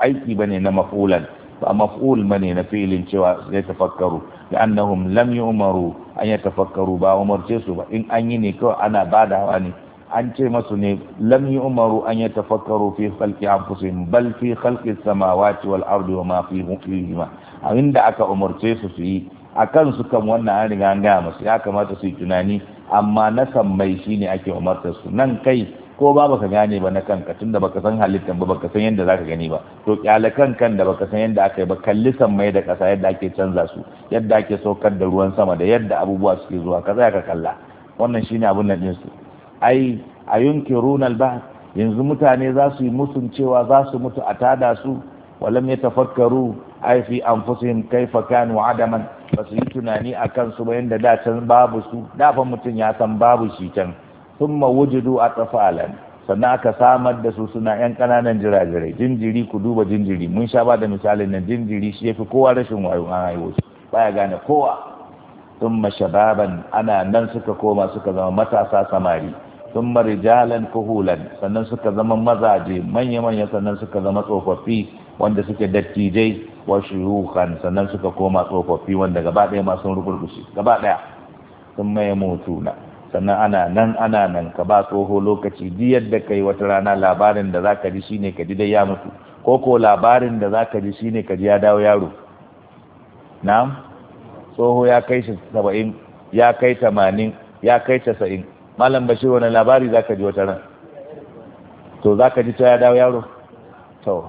aiki bane na maf'ulan a maf'ul ma na filin cewa zai tafakarwa ga annahumma lamɗi umaru an ya tafakarwa ba a umarce su ba in an yi ne kawai ana badawa ne an ce ma su ne lamɗi umaru an ya tafakarwa fi salƙi an fusu himba fi salƙi sama wacewar ardu ma fi muƙuri nima abin da aka umarce su yi a kan sukan wanna an ribe an gaya ma ya kamata su yi tunani amma na tambayi shi ne ake ke su nan kai. ko ba baka gane ba na kanka tunda baka san halittan ba baka san yadda zaka gani ba to kyale kankan da baka san yadda aka yi ba kalli mai da kasa yadda ake canza su yadda ake saukar da ruwan sama da yadda abubuwa suke zuwa ka tsaya ka kalla wannan shine abun nan din su ai ayunkiruna ba bath yanzu mutane za su yi musun cewa za su mutu a tada su walam yatafakkaru ai fi anfusihim kaifa kanu adaman ba su yi tunani a kansu ba yadda da can babu su fa mutum ya san babu shi can thumma a atfalan sannan aka samar da su suna yan kananan jirajirai jinjiri ku duba jinjiri mun sha ba da misalin nan jinjiri shi fi kowa rashin wayo an haihu shi baya gane kowa thumma shababan ana nan suka koma suka zama matasa samari thumma rijalan kuhulan sannan suka zama mazaje manya manya sannan suka zama tsofaffi wanda suke dattijai wa shuyukhan sannan suka koma tsofaffi wanda gaba ɗaya ma sun rukurkushe gaba ɗaya sun maye mutuna sannan ana nan ana nan ka ba tsoho lokaci ji yadda kai wata rana labarin da zaka ji shine ka ji dai ya mutu ko ko labarin da zaka ji shine ka ji ya dawo yaro na'am tsoho ya kai shi saba'in ya kai tamanin ya kai casa'in malam bashir wani labari zaka ji wata ran to zaka ji ta ya dawo yaro to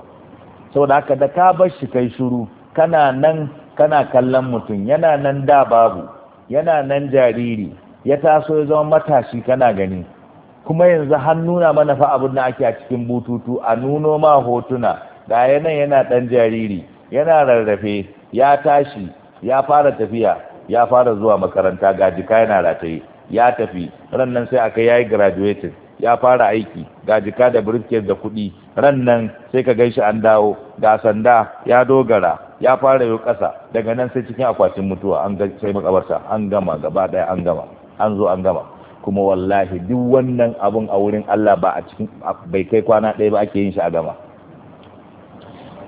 saboda haka da ka bar shi kai shuru kana nan kana kallon mutum yana nan da babu yana nan jariri ya taso ya zama matashi kana gani kuma yanzu har nuna mana fa abin da ake a cikin bututu a nuno ma hotuna ga yana yana ɗan jariri yana rarrafe ya tashi ya fara tafiya ya fara zuwa makaranta ga jika yana rataye ya tafi ran nan sai aka yayi graduating ya fara aiki ga jika da briefcase da kuɗi ran nan sai ka gaishe an dawo ga sanda ya dogara ya fara yau ƙasa daga nan sai cikin akwatin mutuwa an sai makabarta an gama gaba ɗaya an gama an zo an gama kuma wallahi duk wannan abun a wurin Allah ba a cikin bai kai kwana ɗaya ba ake yin shi a gama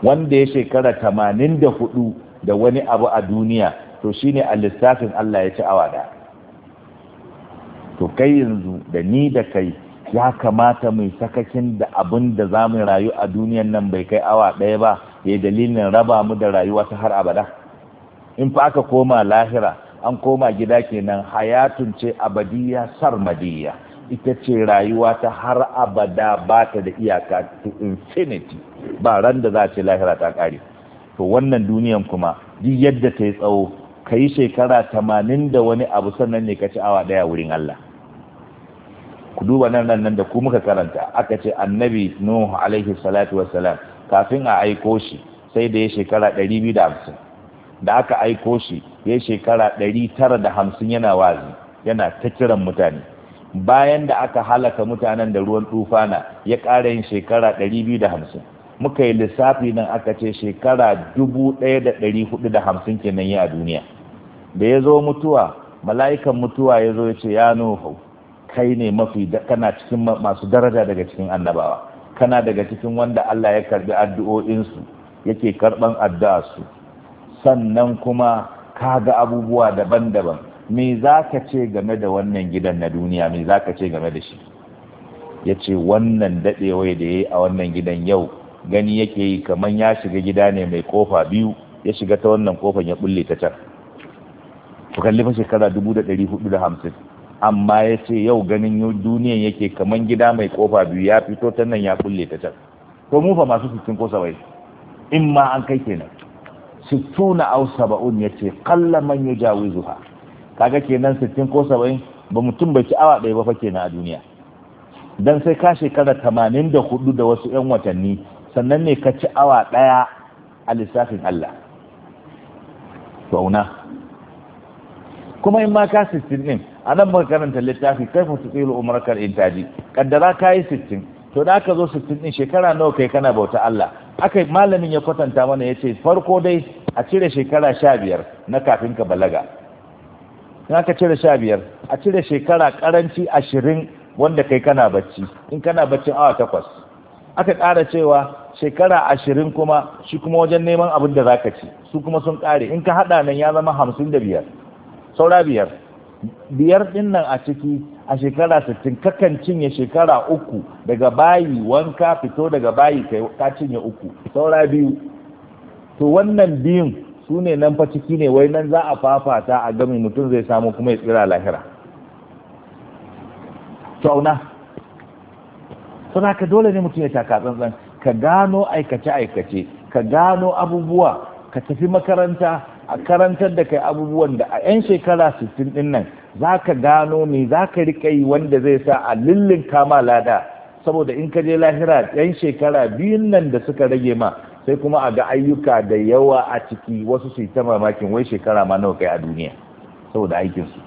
wanda ya shekara tamanin da hudu da wani abu a duniya to shine a lissafin Allah ya ci awa da to kai yanzu da ni da kai ya kamata mai sakakin da abin da za mu rayu a duniyan nan bai kai awa ɗaya ba ya dalilin raba mu da rayuwa ta har abada in fa aka koma lahira an koma gida kenan hayatun ce abadiyya sarmadiyya ita ce rayuwa ta har abada ba ta da iyaka to infinity ba ran da za ce lahira ta kare to wannan duniyan kuma duk yadda ta yi tsawo ka yi shekara tamanin da wani abu sannan ne ka ci awa daya wurin Allah ku duba nan nan da ku muka karanta aka ce annabi nuhu alaihi salatu wassalam kafin a aiko shi sai da ya shekara ɗari biyu da hamsin da aka aiko shi ya shekara ɗari tara da hamsin yana wazi yana ta kiran mutane bayan da aka halaka mutanen da ruwan tufana ya ƙara yin shekara ɗari biyu da hamsin muka yi lissafi nan aka ce shekara dubu ɗaya da ɗari hudu da hamsin kenan yi a duniya da ya zo mutuwa mala'ikan mutuwa ya zo ya ce ya nuhu kai ne mafi kana cikin masu daraja daga cikin annabawa kana daga cikin wanda Allah ya karbi addu'o'insu yake karban su. sannan kuma ka ga abubuwa daban-daban me za ka ce game da wannan gidan na duniya me za ka ce game da shi ya ce wannan daɗewai da ya yi a wannan gidan yau gani yake yi kamar ya shiga gida ne mai kofa biyu ya shiga ta wannan kofan ya bulle ta can ku kalli fa shekara dubu da amma ya ce yau ganin duniyan yake kamar gida mai kofa biyu ya fito ta nan ya bulle ta can to mu fa masu sittin ko in ma an kai kenan sittuna aw saba'un yace qalla man yujawizuha kaga kenan sittin ko saba'in ba mutum bai ci awa ɗaya ba fa kenan a duniya dan sai ka shekara tamanin da hudu da wasu yan watanni sannan ne ka ci awa ɗaya a lissafin Allah fauna kuma in ma ka sittin ɗin a nan muka karanta littafi kai fa su tsilo umarkar intaji kaddara ka yi sittin to da aka zo sittin ɗin shekara nawa kai kana bauta Allah aka malamin ya kwatanta mana ya ce farko dai a cire shekara sha biyar na kafin ka balaga in aka cire sha biyar a cire shekara karanci ashirin wanda kai kana bacci in kana bacci awa takwas aka ƙara cewa shekara ashirin kuma shi kuma wajen neman abin da za ka ci su kuma sun ƙare in ka haɗa nan ya zama hamsin da biyar saura biyar biyar din nan a ciki a shekara sittin kakan cinye shekara uku daga bayi wanka fito daga bayi ka cinye uku saura biyu to wannan biyun su ne nan fa ciki ne wai nan za a fafata a gami mutum zai samu kuma ya tsira lahira Tsauna suna ka dole ne mutum ya taka tsantsan ka gano aikace-aikace ka gano abubuwa ka tafi makaranta a karantar da kai abubuwan da a 'yan shekara 60 din nan za ka gano ne za ka riƙe yi wanda zai sa a lullin kama lada saboda in ka je lahira 'yan shekara biyun nan da suka rage ma sai kuma a ga ayyuka da yawa a ciki wasu su yi ta mamakin wai shekara ma nawa kai a duniya saboda aikinsu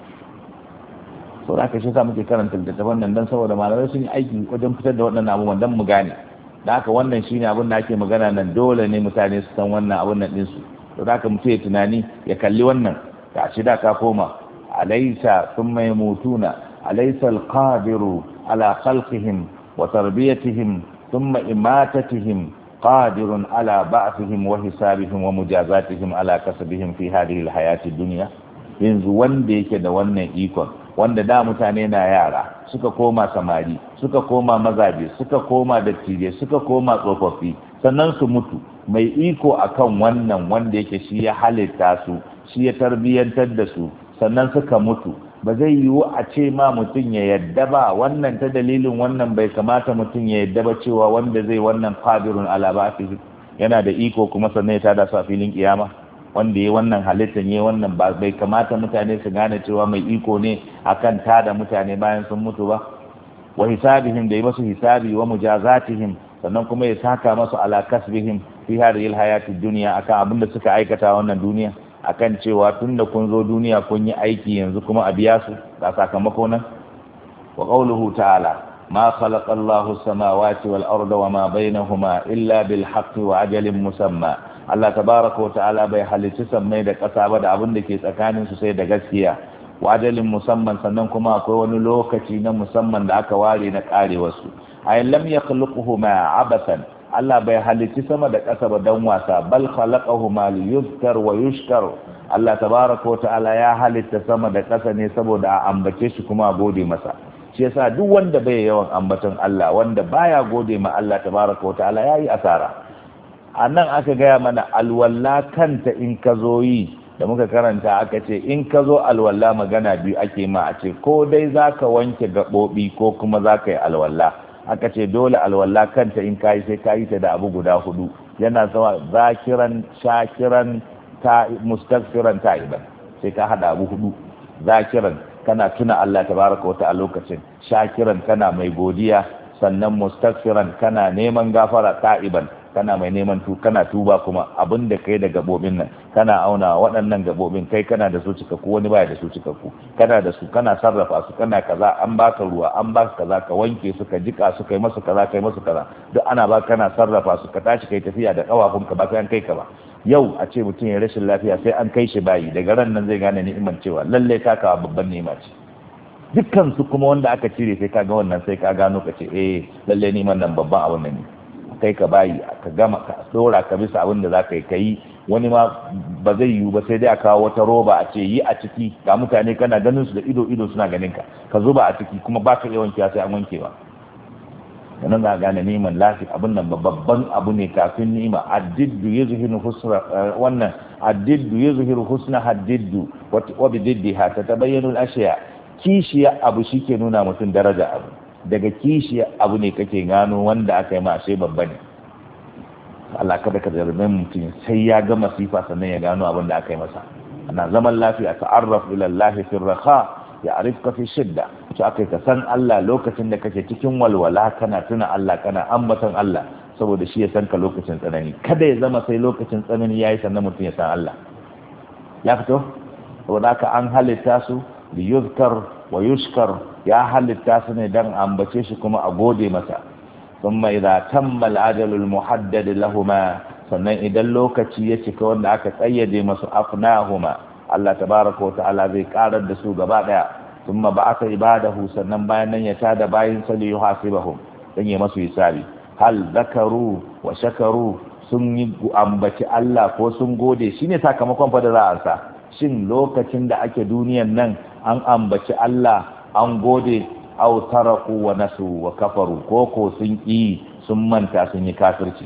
sau da aka shi sa muke karanta littattafan nan don saboda malamai sun yi aiki wajen fitar da waɗannan abubuwan don mu gane da haka wannan shine abin da ake magana nan dole ne mutane su san wannan abin nan ɗinsu to da mutu ya tunani ya kalli wannan ga shi da ka koma alaisa sun mai mutuna alaisa alqadiru ala khalqihim wa tarbiyatihim thumma imatatihim qadirun ala ba'thihim wa hisabihim wa mujazatihim ala kasbihim fi hadhihi alhayati dunya yanzu wanda yake da wannan ikon wanda da mutane na yara suka koma samari suka koma mazaje suka koma dattijai suka koma tsofaffi sannan su mutu mai iko akan wannan wanda yake shi ya halitta su shi ya tarbiyyantar da su sannan suka mutu ba zai yiwu a ce ma mutum ya yadda ba wannan ta dalilin wannan bai kamata mutum ya yadda ba cewa wanda zai wannan qadirun ala yana da iko kuma sannan ya tada su a filin kiyama wanda ya wannan halittar ya wannan ba bai kamata mutane su gane cewa mai iko ne akan tada mutane bayan sun mutu ba wa hisabihim da yi masu hisabi wa mujazatihim sannan kuma ya saka masu ala kasbihim fi hadhihi alhayati dunya akan abin da suka aikata wannan duniya akan cewa tunda kun zo duniya kun yi aiki yanzu kuma a biya su ga sakamako nan wa qawluhu ta'ala ma khalaqa Allahu samawati wal arda wa ma bainahuma illa bil haqqi wa ajalin musamma Allah tabaraka wa ta'ala bai halicci sammai da ƙasa ba da abin da ke tsakanin su sai da gaskiya wajalin musamman sannan kuma akwai wani lokaci na musamman da aka ware na kare wasu ayin lam yakhluquhu ma abasan Allah bai halitti sama da ƙasa ba don wasa bal mal yuzkar wa yushkar Allah tabaaraka wa ta'ala ya halitta sama da ƙasa ne saboda a ambace shi kuma a gode masa shi yasa duk wanda bai yawan ambaton Allah wanda baya gode ma Allah tabaaraka wa ta'ala yayi asara a aka gaya mana alwalla kanta in ka zo yi da muka karanta aka ce in ka zo alwalla magana biyu ake ma a ce ko dai zaka wanke gaɓoɓi ko kuma zaka yi alwalla aka ce dole alwala kanta in kayi sai kayi ta da abu guda hudu yana zama zakiran shakiran ta mustaghfiran ta'iban sai ka hada abu hudu zakiran kana tuna Allah tabaraka wa ta'ala lokacin shakiran kana mai godiya sannan Tafiran kana neman gafara ta'iban kana mai neman tu kana tuba kuma abin da kai da gabobin nan kana auna waɗannan gabobin kai kana da su cikakku wani baya da su cikakku kana da su kana sarrafa su kana kaza an baka ruwa an baka kaza ka wanke su ka jika su kai masu kaza kai masu kaza duk ana ba kana sarrafa su ka tashi kai tafiya da kawafun ka ba sai an kai ka ba yau a ce mutum ya rashin lafiya sai an kai shi bayi daga ran nan zai gane ni'imar cewa lallai ka kawa babban ni'ima ce dukkan su kuma wanda aka cire sai ka ga wannan sai ka gano ka ce eh lalle ni'imar nan babban abun nan ne kai ka bayi ka gama ka dora ka bisa abin da za ka yi kai wani ma ba zai yiwu ba sai dai a kawo wata roba a ce yi a ciki ga mutane kana ganin su da ido ido suna ganin ka ka zuba a ciki kuma ba ka iya wankewa sai an wanke ba nan za gane neman lafi abin nan babban abu ne kafin nima addiddu ya zuhiru husna eh, wannan addiddu ya husna haddiddu wa bi diddiha ta tabayyana al-ashiya kishiya abu shike nuna mutum daraja abu daga kishi abu ne kake gano wanda aka yi ma ashe babba ne Allah kada ka zarbe mutum sai ya ga sifa sannan ya gano abin da aka yi masa ana zaman lafiya ta ila ilallahi fi raha ya arifka fi shidda to yi ka san Allah lokacin da kake cikin walwala kana tuna Allah kana ambaton Allah saboda shi ya san ka lokacin tsanani kada ya zama sai lokacin tsanani ya yi sannan mutum ya san Allah ya fito saboda haka an halitta su bi yuzkar wa ya halitta su ne dan ambace shi kuma a gode masa thumma idza tamma al-ajalu al-muhaddad sannan idan lokaci ya cika wanda aka tsayyade masu afnahuma Allah tabaraka wa ta'ala zai karar da su gaba daya thumma ba'atha ibadahu sannan bayan nan ya tada bayin sa li yuhasibahum dan ya masu hisabi hal zakaru wa shakaru sun yi ambaci Allah ko sun gode shine sakamakon fa a shin lokacin da ake duniyan nan an ambaci Allah an gode aw taraku wa nasu wa kafaru ko sun ƙi sun manta sun yi kafirci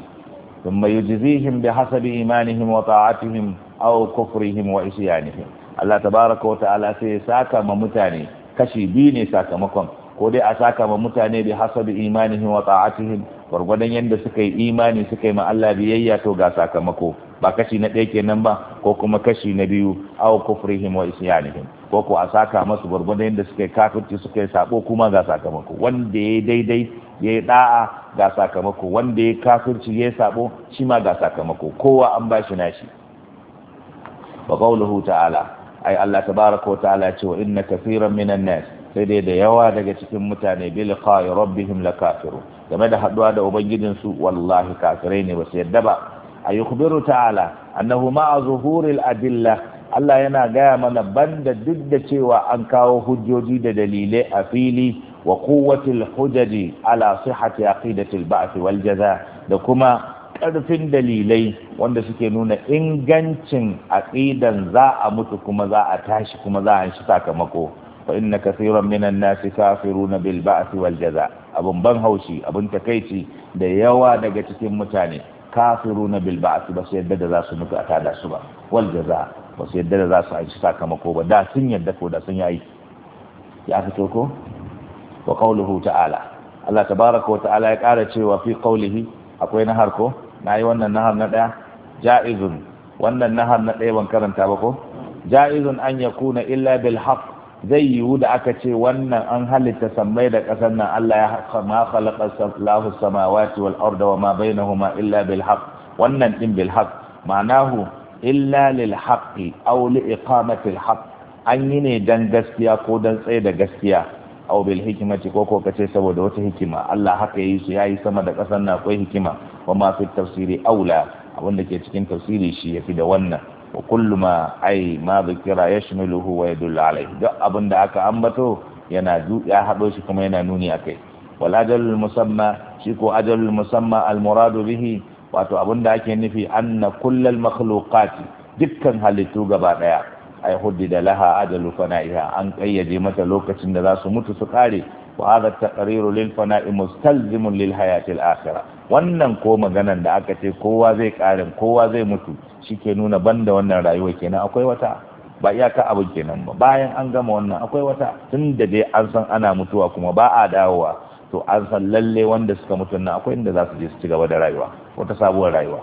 yujizihim bi hasabi imanihim wa ta'atihim aw kufrihim wa isyanihim Allah tabaraka wa ta'ala sai ya saka ma mutane kashi biyu ne sakamakon ko dai a saka ma mutane bi hasabi imanihim wa ta'atihim gwargwadon yadda suka yi imani suka yi ma Allah biyayya to ga sakamako ba kashi na ɗaya kenan ba ko kuma kashi na biyu aw kufrihim wa isyanihim ko ko a saka masu gwargwadon da suka yi kafirci suka yi sabo kuma ga sakamako wanda ya daidai ya yi da'a ga sakamako wanda ya kafirci ya yi sabo shi ma ga sakamako kowa an ba shi nashi ba qawluhu ta'ala ai Allah tabaraka wa ta'ala ce wa inna kaseeran minan nas sai dai da yawa daga cikin mutane bi liqa'i rabbihim lakafiru game da haduwa da ubangijinsu wallahi kafirai ne ba su yadda ba ayyukhbiru ta'ala annahu ma'a zuhuril adilla Allah yana gaya mana banda duk da cewa an kawo hujjoji da dalilai a fili wa quwwatil hujaji ala sihhati aqidatil ba'th wal jaza da kuma ƙarfin dalilai wanda suke nuna ingancin aqidan za a mutu kuma za a tashi kuma za a shi sakamako fa inna kaseeran minan nasi kafiruna bil ba'th wal jaza abun ban haushi abun takaici, da yawa daga cikin mutane kafiruna bil ba'th ba su yadda da za su mutu a tada su ba wal jaza ba su yadda da za su aiki sakamako ba da sun yadda ko da sun yayi ya fito ko wa qawluhu ta'ala Allah tabaraka wa ta'ala ya kara cewa fi qawlihi akwai nahar ko nayi wannan nahar na daya ja'izun wannan nahar na daya ban karanta ba ko ja'izun an yakuna illa bil haqq zai yiwu da aka ce wannan an halitta sammai da ƙasar nan Allah ya ma khalaqa lahu samawati wal arda wa ma bainahuma illa bil haqq wannan din bil haqq ma'anahu illa lil haqqi aw li iqamati al haqq an yi ne dan gaskiya ko dan tsaye da gaskiya aw bil hikmati ko ko kace saboda wata hikima Allah haka yayi su yayi sama da ƙasar nan akwai hikima wa ma fi tafsiri aula abinda ke cikin tafsiri shi yafi da wannan wa kullu ma ai ma zikira yashmiluhu wa yadullu alayhi duk abinda da aka ambato yana ya hado shi kuma yana nuni akai wal ajalul musamma shi ko ajalul musamma al muradu bihi wato abinda da ake nufi anna kullal makhluqati dukkan halittu gaba daya ai huddida laha ajalu fana'iha an kayyade mata lokacin da za su mutu su kare wa hadha taqriru lil fana'i mustalzimun lil hayati akhirah wannan ko maganan da aka ce kowa zai karin kowa zai mutu shi ke nuna banda wannan rayuwa kenan akwai wata ba iyaka abin kenan ba bayan an gama wannan akwai wata tun da dai an san ana mutuwa kuma ba a dawowa to an san lalle wanda suka mutu nan akwai inda za su je su ci gaba da rayuwa wata sabuwar rayuwa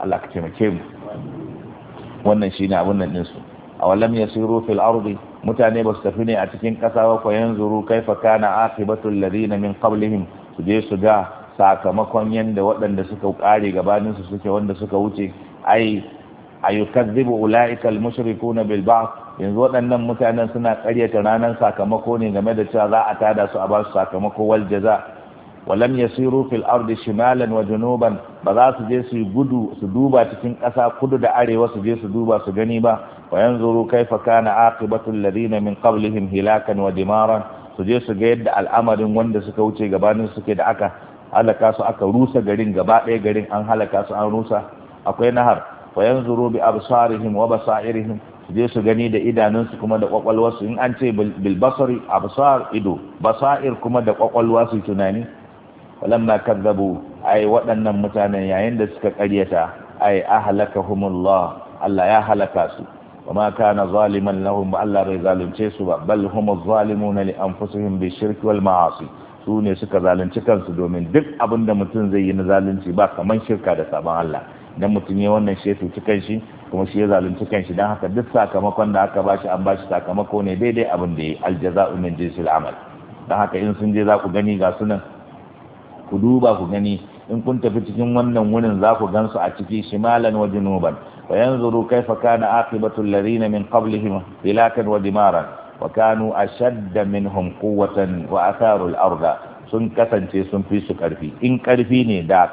Allah ka taimake mu wannan shine abin nan din su awalam yasiru fil ardi mutane ba su tafi ne a cikin ƙasa ba ko yanzuru kaifa kana aqibatul ladina min qablihim su je su ga sakamakon yanda waɗanda suka ƙare gabaninsu suke wanda suka wuce ai ayukazzibu ulaika almushrikuna bil yanzu waɗannan mutanen suna ƙaryata ranar sakamako ne game da cewa za a tada su a ba su sakamako wal jaza walam yasiru fil ardi shimalan wa junuban ba za su je su gudu su duba cikin ƙasa kudu da arewa su je su duba su gani ba wa yanzuru kaifa kana aqibatu alladhina min qablihim hilakan wa dimaran su je su ga yadda al'amarin wanda suka wuce gabanin suke da aka halaka su aka rusa garin gaba ɗaya garin an halaka su an rusa akwai nahar fa yanzuru bi absarihim wa basairihim su je su gani da idanunsu kuma da kwakwalwarsu in an ce bil basari absar ido basair kuma da kwakwalwa su tunani walamma kadzabu ai waɗannan mutanen yayin da suka ƙaryata ai ahlakahumullah Allah ya halaka su kana zaliman lahum ba Allah bai zalunce su ba bal hum az-zalimun li anfusihim bi shirki wal ma'asi su ne suka zalunci kansu domin duk abinda mutum zai yi na zalunci ba kaman shirka da sabon Allah dan mutum ya wannan shi cuci kanshi kuma shi ya zalunci kanshi dan haka duk sakamakon da aka bashi an bashi sakamako ne daidai abin da yi aljaza'u min jinsil amal dan haka in sun je za ku gani ga sunan ku duba ku gani in kun tafi cikin wannan wurin za ku gansu a ciki shimalan wa junuban wa yanzuru kaifa kana aqibatu alladhina min qablihim hilakan wa dimaran wa kanu ashadda minhum quwwatan wa atharu al-ardh sun kasance sun fi su ƙarfi in ƙarfi ne da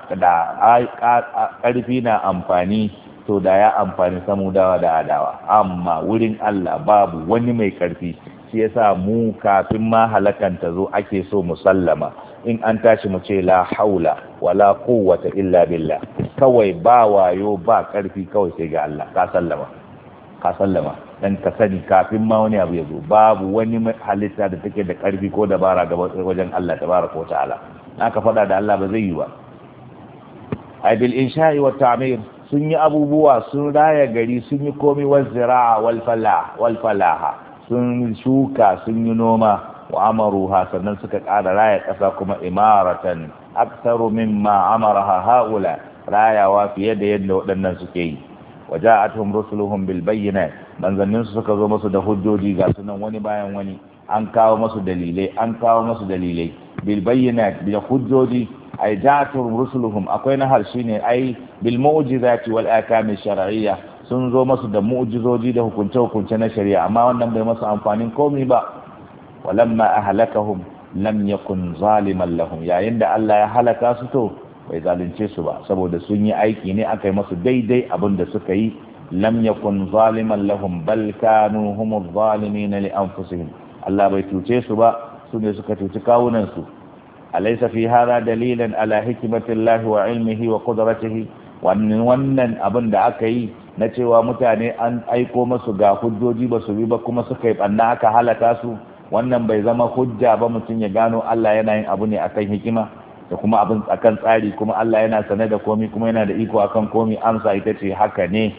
ƙarfi na amfani to da ya amfani samudawa da adawa amma wurin Allah babu wani mai ƙarfi shi yasa mu kafin ma halakan ta zo ake so mu sallama. in an tashi mu ce la haula wala quwwata illa billah kawai ba wayo ba ƙarfi kawai sai ga Allah ka sallama ka sallama dan ka sani kafin ma wani abu ya zo babu wani halitta da take da karfi ko dabara ga wajen Allah tabaraka wataala aka faɗa da Allah ba zai yi ba ai bil insha'i wat ta'mir sun yi abubuwa sun raya gari sun yi komai wal zira'a wal falah wal falaha sun shuka sun yi noma wa amaruha sannan suka ƙara raya ƙasa kuma imaratan aktsaru mimma amaraha haula rayawa fiye da yadda waɗannan suke yi وجاءتهم رسلهم بالبينات manzanninsu suka zo masu da hujjoji ga sunan wani bayan wani an kawo masu dalilai an kawo masu dalilai bil bayyana bil hujjoji ay ja'atur rusuluhum akwai na harshe ne ai bil mu'jizati wal akami shar'iyya sun zo masu da mu'jizoji da hukunce hukunce na shari'a amma wannan bai masu amfanin komai ba walamma ahlakahum lam yakun zaliman lahum yayin da Allah ya halaka su to bai zalunce su ba saboda sun yi aiki ne akai masu daidai abin da suka yi lam yakun zaliman lahum bal kanu humuz zalimin li anfusihim Allah bai cuce su ba su ne suka cuci kawunan su alaysa fi hada dalilan ala hikmatillahi wa ilmihi wa qudratihi wannan abin da aka yi na cewa mutane an aiko masu ga hujjoji ba su bi ba kuma suka yi banna aka halata su wannan bai zama hujja ba mutum ya gano Allah yana yin abu ne akan hikima da kuma abin akan tsari kuma Allah yana sane da komi kuma yana da iko akan komi amsa ita ce haka ne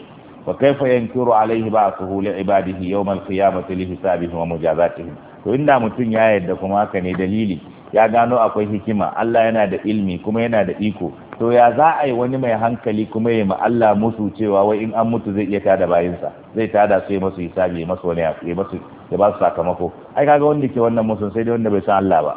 fa kaifa yankiru alaihi ba su li ibadihi yawmal qiyamati li hisabihi wa mujazatihim to inda mutum ya yarda kuma haka ne dalili ya gano akwai hikima Allah yana da ilmi kuma yana da iko to ya za a yi wani mai hankali kuma ya ma Allah musu cewa wai in an mutu zai iya tada bayinsa zai tada su ya masu hisabi ya masu wani ya masu ya sakamako ai kaga wanda ke wannan musu sai dai wanda bai san Allah ba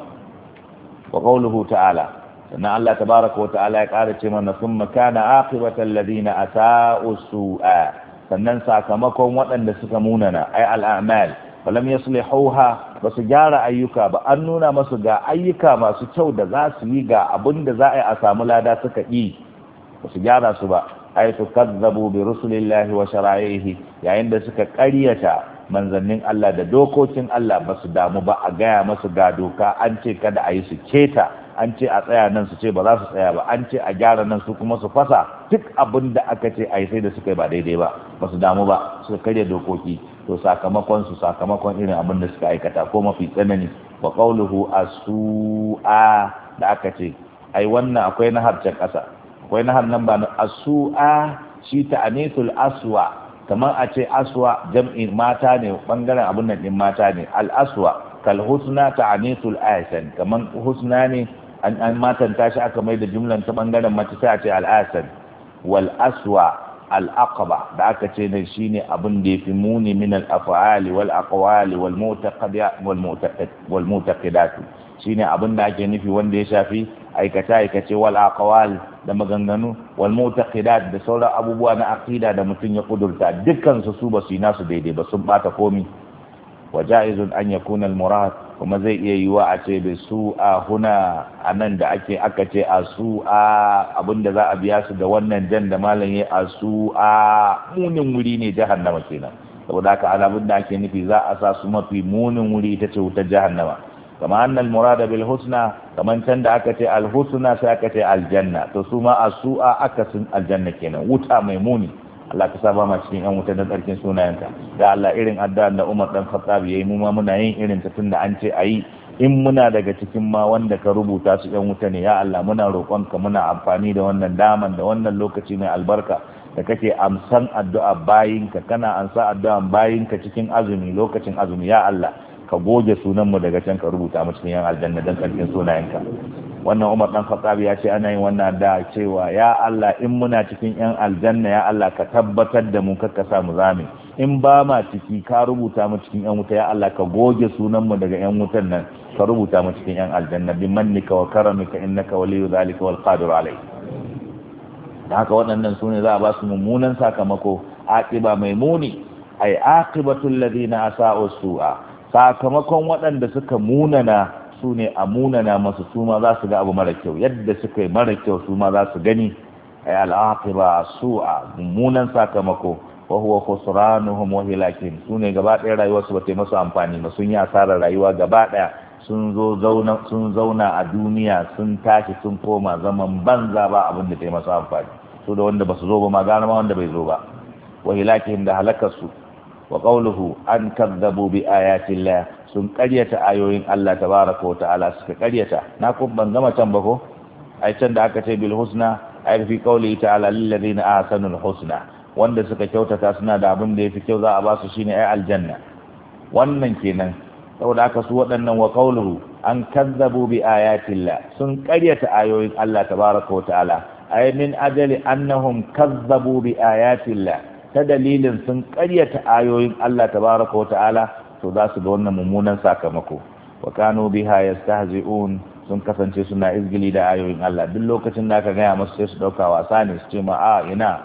wa qawluhu ta'ala sannan Allah tabaraka wa ta'ala ya kara ce mana summa kana aqibatal ladina asa'u su'a sannan sakamakon waɗanda suka munana ai al'amal falam yaslihuha ba su gyara ayyuka ba an nuna masu ga ayyuka masu kyau da za su yi ga abin da za a yi a samu lada suka yi ba su gyara su ba ai su kazzabu bi rusulillahi wa shara'ihi yayin da suka ƙaryata manzannin Allah da dokokin Allah ba su damu ba a gaya masu ga doka an ce kada a yi su keta an ce a tsaya nan su ce ba za su tsaya ba an ce a gyara nan su kuma su fasa duk abin da aka ce a yi sai da suka yi ba daidai ba ba su damu ba su karya dokoki to sakamakon su sakamakon irin abin da suka aikata ko mafi tsanani ba a su a da aka ce ai wannan akwai na harcen ƙasa akwai na nan ba asu'a shi ta anisul aswa kamar a ce aswa jam'in mata ne bangaren abin nan din mata ne al aswa kal husna ta anisul aisan kamar husna ne an an matanta shi aka mai da jumlan ta bangaren mace sai a ce al'asad wal aswa al aqaba da aka ce ne shine abin da yafi muni min al af'ali wal aqwali wal mu'taqadat wal mu'taqad wal mu'taqidat shine abin da ake nufi wanda ya shafi aikata aikace wal aqwal da maganganu wal mu'taqidat da sauran abubuwa na aqida da mutum ya kudurta dukkan su su basu yi nasu daidai ba sun bata komi an أن يكون murad kuma zai iya yi wa a ce bai su a huna a nan da ake aka ce a su a abinda za a biya su da wannan jan da malam ya a su a munin wuri ne jahannama kenan saboda haka alabin da ake nufi za a sa su mafi munin wuri ita ce wutar nama kama annal murada bil husna kaman can da aka ce al sai aka ce aljanna to su ma a su a akasin aljanna kenan wuta mai muni Allah ka saba ma cikin yan wuta da tsarkin sunayenka da Allah irin addu'an da Umar dan Khattab yi mu ma muna yin irin ta tunda an ce a yi. in muna daga cikin ma wanda ka rubuta su yan wuta ne ya Allah muna roƙonka muna amfani da wannan daman da wannan lokaci mai albarka da kake amsan addu'a bayinka kana ansa addu'an bayinka cikin azumi lokacin azumi ya Allah ka goge sunanmu daga can ka rubuta mu cikin yan aljanna dan karfin sunayenka wannan Umar dan Khattab ya ce ana yin wannan da cewa ya Allah in muna cikin yan aljanna ya Allah ka tabbatar da mu kakka sa mu zame in ba ma ciki ka rubuta mu cikin yan wuta ya Allah ka goge sunan mu daga yan wutan nan ka rubuta mu cikin yan aljanna bi mannika wa karamika innaka waliyyu zalika wal qadir alayh da haka waɗannan sune za a ba su mummunan sakamako aqiba mai muni ay aqibatul ladina asa'u su'a sakamakon waɗanda suka munana su ne a munana masu su ma za su ga abu mara kyau yadda suka yi mara kyau su ma za su gani ay su a mummunan sakamako wa huwa khusranuhum wa hilakin su ne gaba ɗaya rayuwa su bata masu amfani ba sun yi asarar rayuwa gaba ɗaya sun zauna a duniya sun tashi sun koma zaman banza ba abin da ta masu amfani su da wanda ba su zo ba ma gane ma wanda bai zo ba wa hilakin da halakar su wa qawluhu an kadzabu bi ayati llah sun karyata ayoyin Allah tabaraka wa ta'ala suka karyata na kun ban gama can ba ko ai can da aka ce bil husna ai fi qawli ta'ala lil ladina sanin husna wanda suka kyautata suna da abin da ya fi kyau za a ba su shine ai aljanna wannan kenan saboda aka su waɗannan wa qawluhu an kazzabu bi ayatillah sun karyata ayoyin Allah tabaraka wa ta'ala ai min ajali annahum kazzabu bi ayatillah ta dalilin sun karyata ayoyin Allah tabaraka wa ta'ala to za su da wannan mummunan sakamako wa kanu biha yastahzi'un sun kasance suna izgili da ayoyin Allah duk lokacin da aka gaya masu sai su dauka wasa ne su ce ma a ina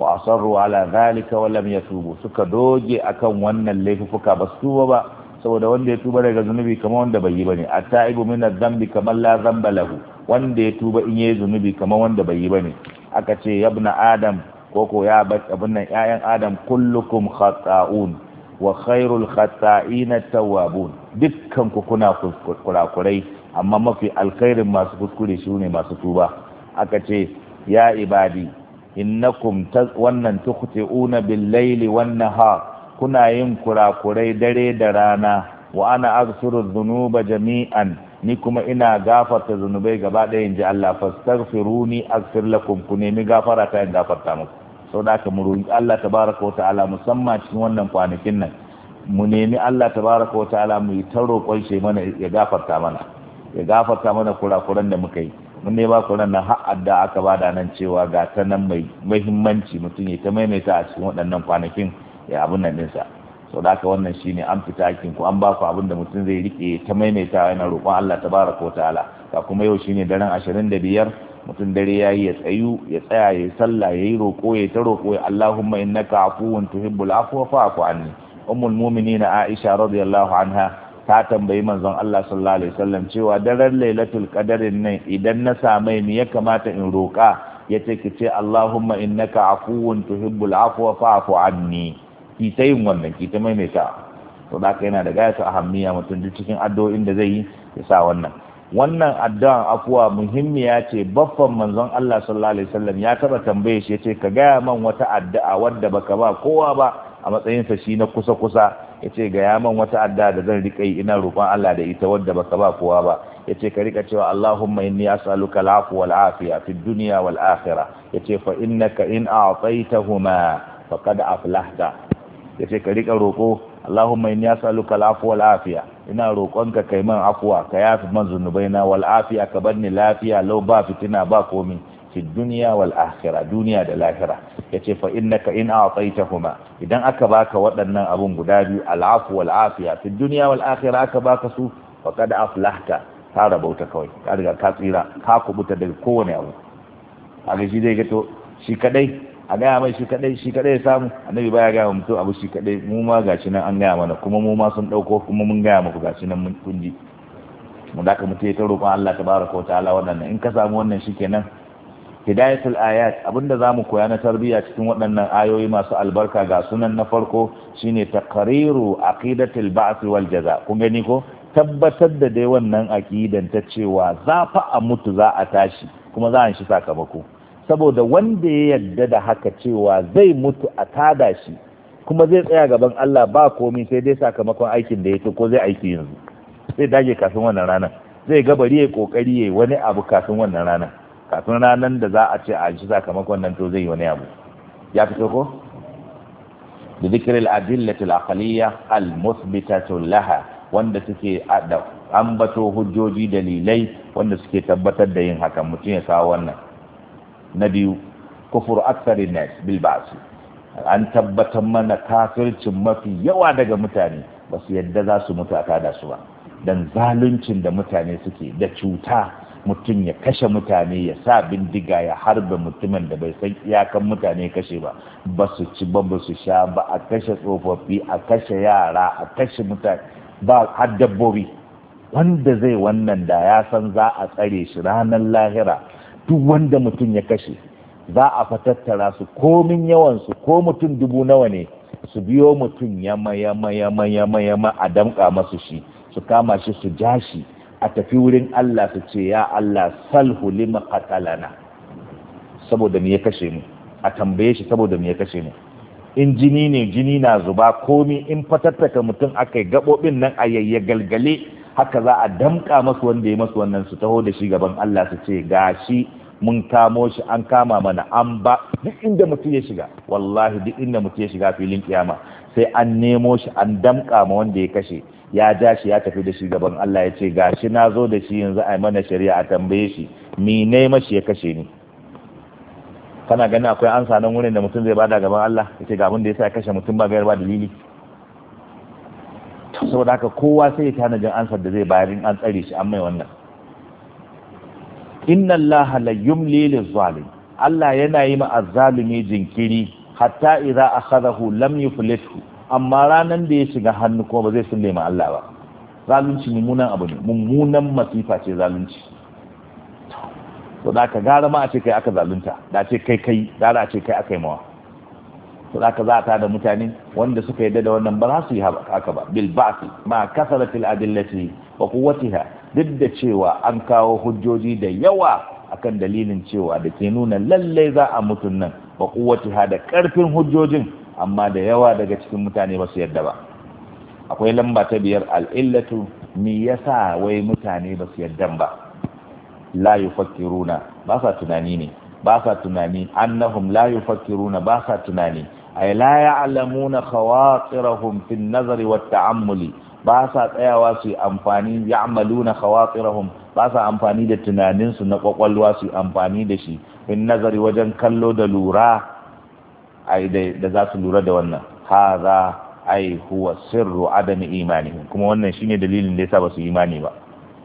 wa asarru ala zalika wa lam yatubu suka doge akan wannan laifuka ba su tuba ba saboda wanda ya tuba daga zunubi kamar wanda bai yi bane at-ta'ibu min kamar la zamba lahu wanda ya tuba in yayi zunubi kamar wanda bai yi bane aka ce yabna adam ko ko ya abin nan ƴaƴan adam kullukum khata'un wa khairul khata'ina tawwabun dukkan ku kuna kurakurai amma mafi alkhairin masu kuskure su ne masu tuba aka ce ya ibadi innakum wannan tukhti'una bil laili wan nahar kuna yin kurakurai dare da rana wa ana aghfiru dhunuba jami'an ni kuma ina gafarta zunubai gaba ɗaya in ji Allah fastaghfiruni aghfir lakum ku nemi gafara ta in gafarta muku sau da aka muru Allah tabaraka wa ta'ala musamman cikin wannan kwanakin nan mu nemi Allah tabaraka wa ta'ala mu yi ta roƙon mana ya gafarta mana ya gafarta mana kurakuran da muka yi mun ne ba kuran nan har adda aka bada nan cewa ga ta nan mai muhimmanci mutum ya ta maimaita a cikin waɗannan kwanakin ya abun nan ɗinsa sau da aka wannan shine an fita hakin ku an ba ku abin da mutum zai rike ta maimaita yana roƙon Allah ta tabaraka wa ta'ala ga kuma yau shine daren ashirin da biyar. mutum dare ya yi ya tsayu ya tsaya ya yi sallah ya yi roƙo ya ta roƙo ya Allahumma innaka afuwun tuhibbul afwa fa'fu anni ummul mu'minin Aisha radiyallahu anha ta tambayi manzon Allah sallallahu alaihi wasallam cewa daren lailatul kadarin nan idan na same ni ya kamata in roƙa ce ki ce Allahumma innaka afuwun tuhibbul afwa fa'afu anni ki ta yin wannan ki ta maimaita to da yana da gaya ta ahammiya mutum duk cikin addu'o'in da zai yi ya sa wannan wannan addu'an afuwa muhimmiya ce baffan manzon Allah sallallahu alaihi wasallam ya taba tambaye shi yace ka gaya man wata addu'a wadda baka ba kowa ba a matsayin sa shi na kusa kusa yace gaya man wata addu'a da zan rika yi ina roƙon Allah da ita wadda baka ba kowa ba yace ka rika cewa Allahumma inni as'aluka al'afu wal afiya fid dunya wal akhirah yace fa innaka in a'taytahuma faqad aflahta yace ka rika roƙo Allahumma inni as'aluka al'afwa wal afiya ina roƙonka kai man afwa ka yafi man zunubaina wal afiya ka barni lafiya lau ba fitina ba komi fi dunya wal akhirah duniya da lahira yace fa innaka in a'taytahuma idan aka baka waɗannan abun guda biyu al'afwa wal afiya fi dunya wal akhirah aka baka su faqad aflahta ka rabauta kawai ka riga ka tsira ka kubuta daga kowane abu a shi dai shi kadai a gaya mai shi kadai shi kadai ya samu annabi baya gaya mutum abu shi kadai mu ma gashi nan an gaya mana kuma mu ma sun dauko kuma mun gaya muku gashi nan mun kunji mu da ka mutu ya ta roƙon Allah tabaraka wa ta'ala wannan in ka samu wannan shikenan hidayatul ayat abinda zamu koya na tarbiyya cikin waɗannan ayoyi masu albarka ga sunan na farko shine taqriru aqidatul ba'th wal jaza kun gani ko tabbatar da dai wannan aqidan ta cewa za fa a mutu za a tashi kuma za a shi sakamako saboda wanda ya yarda da haka cewa zai mutu a tada shi kuma zai tsaya gaban Allah ba komi sai dai sakamakon aikin da ya yake ko zai aiki yanzu zai dage kafin wannan ranar zai ga bari kokari ya wani abu kafin wannan ranar kafin ranar da za a ce a ji sakamakon nan to zai yi wani abu ya fito ko da zikirin adillatul aqaliyya al-musbitatu laha wanda suke ambato hujjoji dalilai wanda suke tabbatar da yin hakan mutum ya sa wannan na biyu kufur aksari ne bil an tabbatar mana kafircin mafi yawa daga mutane ba su yadda za su mutu a kada su ba dan zaluncin da mutane suke da cuta mutum ya kashe mutane ya sa bindiga ya harbe mutumin da bai san iyakan mutane kashe ba ba su ci ba ba su sha ba a kashe tsofaffi a kashe yara a kashe mutane ba har dabbobi wanda zai wannan da ya san za a tsare shi ranar lahira duk wanda mutum ya kashe za a fatattara su komin yawansu ko mutum dubu nawa ne su biyo mutum yama yama yama yama yama a damƙa masu shi su kama shi su ja shi a tafi wurin Allah su ce ya Allah salhu lima qatalana saboda me ya kashe mu a tambaye shi saboda me ya kashe mu in jini ne jini na zuba komi in fatattaka mutum akai gabobin nan a yayye galgale haka za a damƙa masu wanda ya masu wannan su taho da shi gaban Allah su ce ga shi mun kamo shi an kama mana an ba duk inda mutum ya shiga wallahi duk inda mutum ya shiga filin kiyama sai an nemo shi an damƙa ma wanda ya kashe ya ja shi ya tafi da shi gaban Allah ya ce ga shi na zo da shi yanzu a mana shari'a a tambaye shi mi ne mashi ya kashe ni kana ganin akwai ansa nan wurin da mutum zai bada gaban Allah ya ce ga abin da ya sa ya kashe mutum ba gayar ba dalili saboda haka kowa sai ya tanajin ansar da zai bayar in an tsare shi an mai wannan inna allaha la yumli zalim Allah yana yi ma azzalimi jinkiri hatta idza akhadahu lam yuflithu amma ranan da ya shiga hannu kuma ba zai sulle ma Allah ba zalunci mummunan abu ne mummunan masifa ce zalunci to da ka gara ma a ce kai aka zalunta da ce kai kai gara a ce kai aka yi mawa su za za ta da mutane wanda suka yadda da wannan ba za su yi haka ba bil ba'si ma kasaratil adillati wa quwwatiha duk da cewa an kawo hujjoji da yawa akan dalilin cewa da ke nuna lalle za a mutun nan wa quwwatiha da karfin hujjojin amma da yawa daga cikin mutane ba su yadda ba akwai lamba ta biyar al'illatu me yasa wai mutane ba su yadda ba la yufakkiruna ba sa tunani ne ba sa tunani annahum la yufakkiruna ba sa tunani ay la ya'lamuna khawatirahum fi an-nazari at taammuli ba sa tsayawa su amfani ya'maluna khawatirahum ba sa amfani da tunanin su na kwakwalwa su amfani da shi in nazari wajen kallo da lura ai da za su lura da wannan haza ai huwa sirru adami imani kuma wannan shine dalilin da yasa ba su imani ba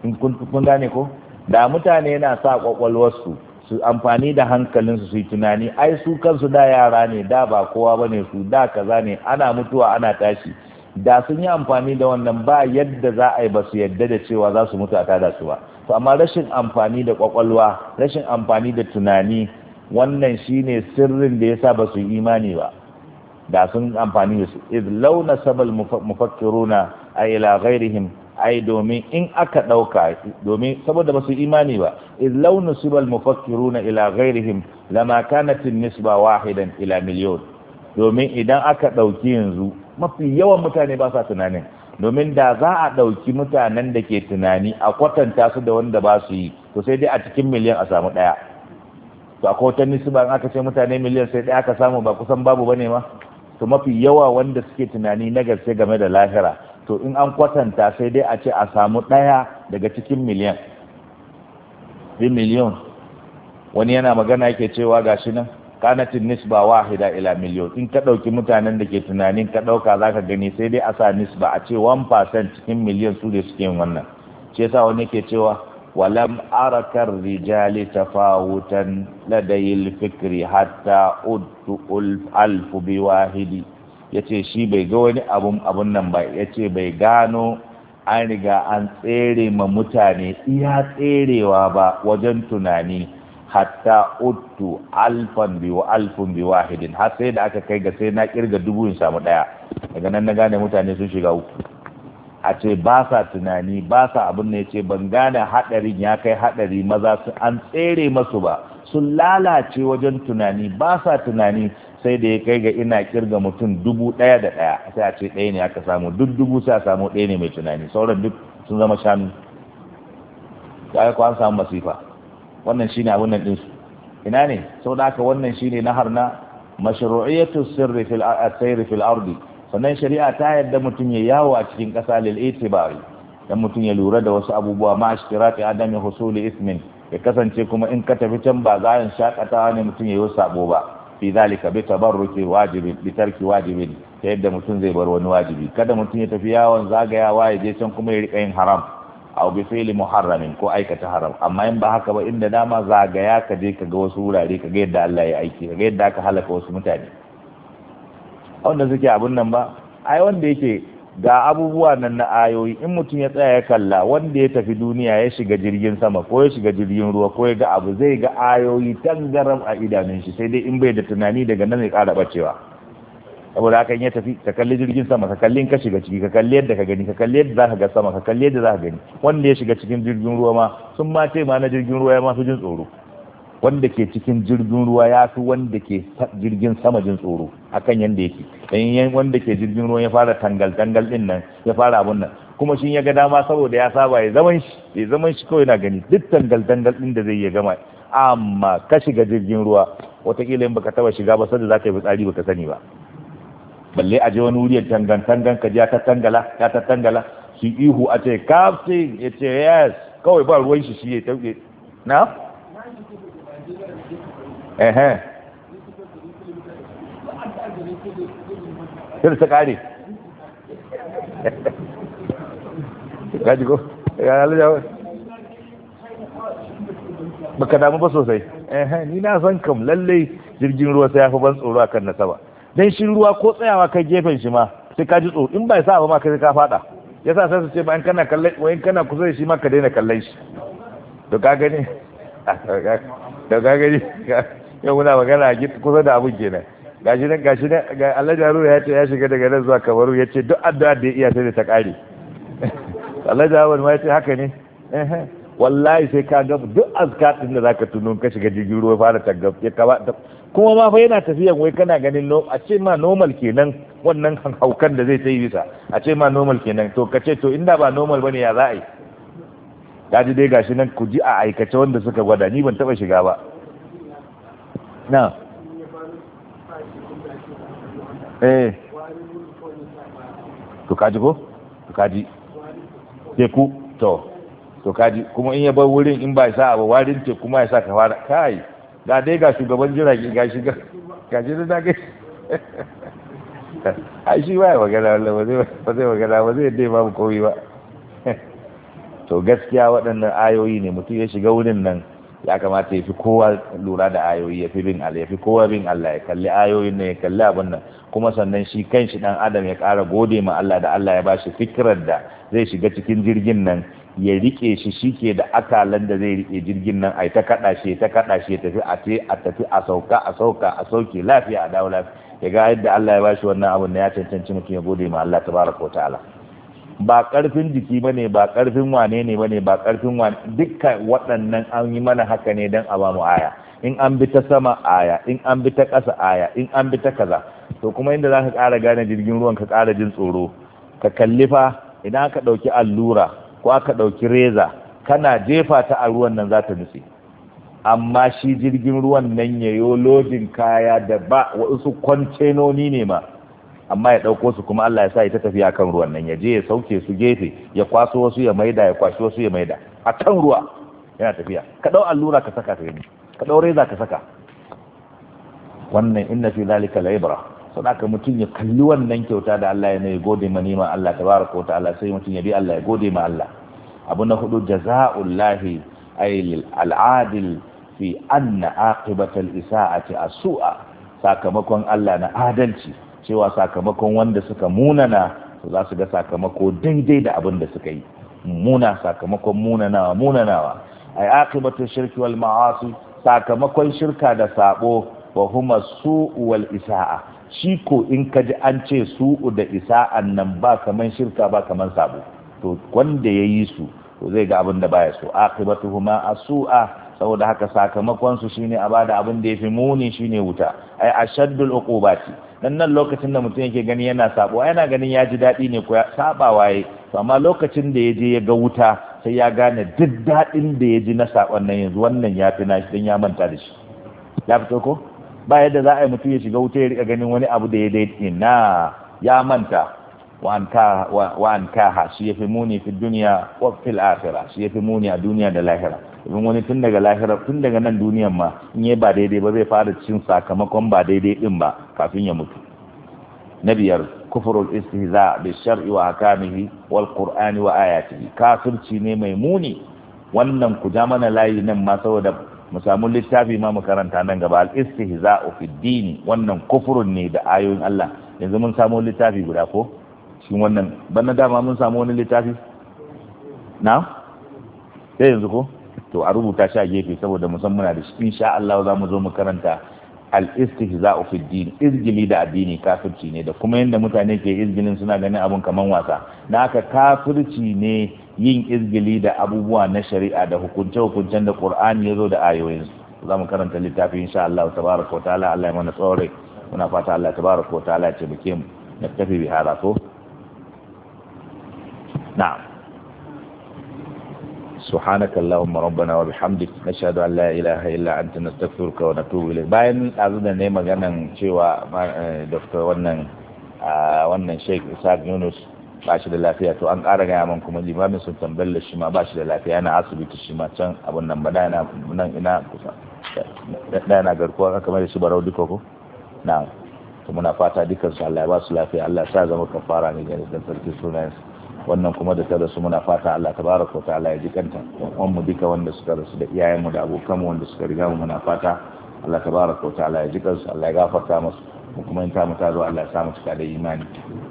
in kun kun gane ko da mutane na sa kwakwalwar su su amfani da hankalinsu su yi tunani ai su kansu da yara ne da ba kowa ba ne su da kaza ne ana mutuwa ana tashi da sun yi amfani da wannan ba yadda za a yi ba su yadda da cewa za su mutu a tada su ba to amma rashin amfani da kwakwalwa rashin amfani da tunani wannan shine sirrin da yasa ba su yi imani ba da sun amfani da su iz launa sabal mufakkiruna a ila ghairihim ai domin in aka ɗauka domin saboda ba su imani ba in launu sibal mufakkiruna ila ghairihim lama kanatin nisba wahidan ila miliyon domin idan aka ɗauki yanzu mafi yawan mutane ba sa tunanin domin da za a ɗauki mutanen da ke tunani a kwatanta su da wanda ba su yi to sai dai a cikin miliyan a samu ɗaya to akwai wata nisba in aka ce mutane miliyan sai ɗaya aka samu ba kusan babu bane ma to mafi yawa wanda suke tunani na gaske game da lahira to in an kwatanta sai dai a ce a samu ɗaya daga cikin miliyan bin miliyon wani yana magana yake cewa shi nan kanatin nisba wahida ila miliyon in ka ɗauki mutanen da ke tunanin ka ɗauka za ka gani sai dai a sa nisba a ce 1% cikin miliyan su da suke yin wannan ce sa wani ke cewa walam arakar rijali tafawutan ladayil fikri hatta uddu alfu bi wahidi ya ce shi bai ga wani abun abun nan ba ya ce bai gano an riga an tsere ma mutane iya tserewa ba wajen tunani hatta uttu alfan biyu alfun biyu wahidin har sai da aka kai ga sai na kirga dubu in samu daya daga nan na gane mutane sun shiga uku a ce ba sa tunani ba sa abin ne ce ban gane hadarin ya kai hadari maza su an tsere masu ba sun lalace wajen tunani ba sa tunani sai da ya kai ga ina kirga mutum dubu ɗaya da ɗaya sai a ce ɗaya ne aka samu duk dubu sai a samu ɗaya ne mai tunani sauran duk sun zama shanu ta yi an samu masifa wannan shine abin nan ɗinsu ina ne sau da haka wannan shine na harna mashru'iyatu sirri fil asayri fil ardi sannan shari'a ta yadda mutum ya yawo a cikin ƙasa lil itibari dan mutum ya lura da wasu abubuwa ma ashtirati adami husuli ismin ya kasance kuma in ka tafi can ba zayin shakatawa ne mutum ya yi sabo ba fi dalika bi tabarruki wajibi bi tarki wajibi ta yadda mutum zai bar wani wajibi kada mutum ya tafi yawon zagayawa ya je can kuma ya rika yin haram aw bi fi'li muharramin ko aikata haram amma in ba haka ba inda dama zagaya ka je ka ga wasu wurare ka ga yadda Allah ya aiki ka ga yadda aka halaka wasu mutane wanda suke abun nan ba ai wanda yake ga abubuwa nan na ayoyi in mutum ya tsaya ya kalla wanda ya tafi duniya ya shiga jirgin sama ko ya shiga jirgin ruwa ko ya ga abu zai ga ayoyi tangaram a idanun shi sai dai in bai da tunani daga nan zai kara bacewa saboda hakan ya tafi ka kalli jirgin sama ka kalli ka shiga ciki ka kalli yadda ka gani ka kalli yadda zaka ga sama ka kalli yadda zaka gani wanda ya shiga cikin jirgin ruwa ma sun ma ce ma na jirgin ruwa ya ma su jin tsoro wanda ke cikin jirgin ruwa ya fi wanda ke jirgin sama jin tsoro akan yadda yake ɗanyen wanda ke jirgin ruwa ya fara tangal tangal din nan ya fara abun nan kuma shi ya ga dama saboda ya saba ya zaman shi ya zaman shi kawai na gani duk tangal tangal din da zai iya gama amma ka shiga jirgin ruwa wataƙila in baka taba shiga ba sanda ka yi fitsari baka sani ba balle a je wani wuri tangan tangan ka ja ta tangala ya ta tangala shi ihu a ce captain ya ce yes kawai ba ruwan shi shi ya tauke na ehe sai ta kare gaji (laughs) ko ya ba baka damu ba sosai ehe ni na son kam lalle jirgin ruwa sai ya fi ban tsoro akan nasaba don shi ruwa ko tsayawa kai gefen shi ma sai ka ji tsoro in bai sa ba ma kai ka fada sa sai su ce bayan kana kallon wayan kana kusa da shi ma ka daina kallon shi to ka gani (laughs) to ka gani yau muna magana a gita kusa da abin kenan gashi nan gashi nan ga Allah jaru ya ce ya shiga daga nan zuwa Kamaru ya ce duk addu'a da ya iya sai da ta kare (laughs) Allah Haruna ma ya ce haka ne wallahi sai ka ga duk azkar din da zaka tuno ka shiga jirgin ruwa fara tagab ya kaba kuma ma fa yana tafiyan wai kana ganin no a ce ma normal kenan wannan haukan da zai ta yi bisa a ce ma normal kenan to ka ce to inda ba normal bane ya za a yi kaji dai gashi nan ku ji a aikace wanda suka gwada ni ban taba shiga ba na eh to kaji ko to kaji teku to to kaji kuma in ya bar wurin in ba sa ba warin teku ma ya sa ka fara kai ga dai ga shugaban jirage ga ga gashi da zage (laughs) ai shi wai ya magana wallahi ba zai magana ba zai dai mu komai ba (laughs) to gaskiya waɗannan ayoyi ne mutum ya shiga wurin nan ya kamata ya fi kowa lura da ayoyi ya fi bin Allah ya fi kowa bin Allah ya kalli ayoyin nan ya kalli abin nan kuma sannan shi kanshi dan adam ya ƙara gode ma Allah da Allah ya ba shi fikirar da zai shiga cikin jirgin nan ya rike shi ke da akalan da zai rike jirgin nan ai ta kada shi ta kada shi tafi a ce a tafi a sauka a sauka a sauke lafiya a dawo lafiya ya ga yadda Allah ya ba wannan abin nan ya cancanci mutum ya gode ma Allah tabaraka wa ta'ala ba karfin jiki ba ne ba ƙarfin wane ne ba ne ba ƙarfin wane Dukkan waɗannan an yi mana haka ne don a bamu aya in an bi ta sama aya in an bi ta ƙasa aya in an bi ta kaza to kuma inda za ka ƙara gane jirgin ruwan ka ƙara jin tsoro ka kalli fa idan aka ɗauki allura ko aka ɗauki reza kana jefa ta a ruwan nan za ta nutse amma shi jirgin ruwan nan ya lodin kaya da ba wasu kwantenoni ne ma amma ya ɗauko su kuma Allah ya sa ita tafiya kan ruwan nan ya je ya sauke su gefe ya kwaso wasu ya maida ya kwashi wasu ya maida a kan ruwa yana tafiya ka ɗau allura ka saka ta yi ka ɗau reza ka saka wannan inna fi zalika laibra aka mutum ya kalli wannan kyauta da Allah ya ne gode ma nima Allah tabaraka wa ta'ala sai mutum ya bi Allah ya gode ma Allah abu na hudu jaza'ullahi ay al'adil fi anna aqibata al-isa'ati as-su'a sakamakon Allah na adalci cewa sakamakon wanda suka munana za su ga sakamako daidai da abin da suka yi muna sakamakon munanawa munanawa ay aqibatu shirki wal ma'asi sakamakon shirka da sabo wa huma su'u wal isa'a shi ko in ka ji an ce su'u da isaa nan ba kaman shirka ba kaman sabo to wanda yayi su to zai ga abin da baya so aqibatuhuma asu'a saboda haka sakamakon su shine a bada abin da ya fi muni shine wuta ai ashaddul uqubati dan nan lokacin da mutum yake gani yana sabo yana ganin ya ji daɗi ne ko saba waye to amma lokacin da ya je ya ga wuta sai ya gane duk daɗin da ya ji na sabon nan yanzu wannan ya fi nashi dan ya manta da shi ya fito ko ba yadda za a yi mutum ya shiga wuta ya rika ganin wani abu da ya daidai na ya manta wa an kaha shi ya fi muni fi duniya wa fil akhirah shi ya fi muni a duniya da lahira domin wani tun daga lahira tun daga nan duniyan ma in yi ba daidai ba zai fara cin sakamakon ba daidai din ba kafin ya mutu na biyar kufurul istihza bi shar'i wa hakamihi wal qur'ani wa ayatihi kafirci ne mai muni wannan ku ja mana layi nan ma saboda mu samu littafi ma mu karanta nan gaba al istihza fi dini wannan kufurun ne da ayoyin Allah yanzu mun samu littafi guda ko shin wannan ban na dama mun samu wani littafi na sai yanzu ko to a rubuta shi a gefe saboda musamman muna da shi insha Allah za mu zo mu karanta al istihza fi din izgili da addini kafirci ne da kuma yanda mutane ke izgilin suna ganin abun kaman wasa na haka kafirci ne yin izgili da abubuwa na shari'a da hukunce hukuncen da Qur'ani ya zo da ayoyin za mu karanta littafi insha Allah tabaraka wa ta'ala Allah ya mana tsore muna fata Allah tabaraka wa ta'ala ya taimake mu نكتفي subhanaka allahumma rabbana wa bihamdik nashhadu an la ilaha illa anta nastaghfiruka wa natubu ilayk bayan azu da ne maganan cewa doctor wannan wannan Sheikh Isaac Yunus ba shi da lafiya to an ƙara gaya man kuma limamin sun tambayar shi ma ba shi da lafiya yana asibiti shi ma can abun nan ba nan ina kusa da garkuwa kamar da shi barau duka ko na'am to muna fata dukkan su Allah ya ba su lafiya Allah ya sa zama kafara ne ga sarki sunayensa wannan kuma da ta rasu muna fata Allah tabaraka wa ta'ala ya ji kanta da mu duka wanda suka rasu da iyayenmu da abokanmu wanda suka riga mu muna fata Allah tabaraka wa ta'ala ya ji kansu Allah ya gafarta musu mu kuma in ta mu ta zo Allah ya sa mu cika da imani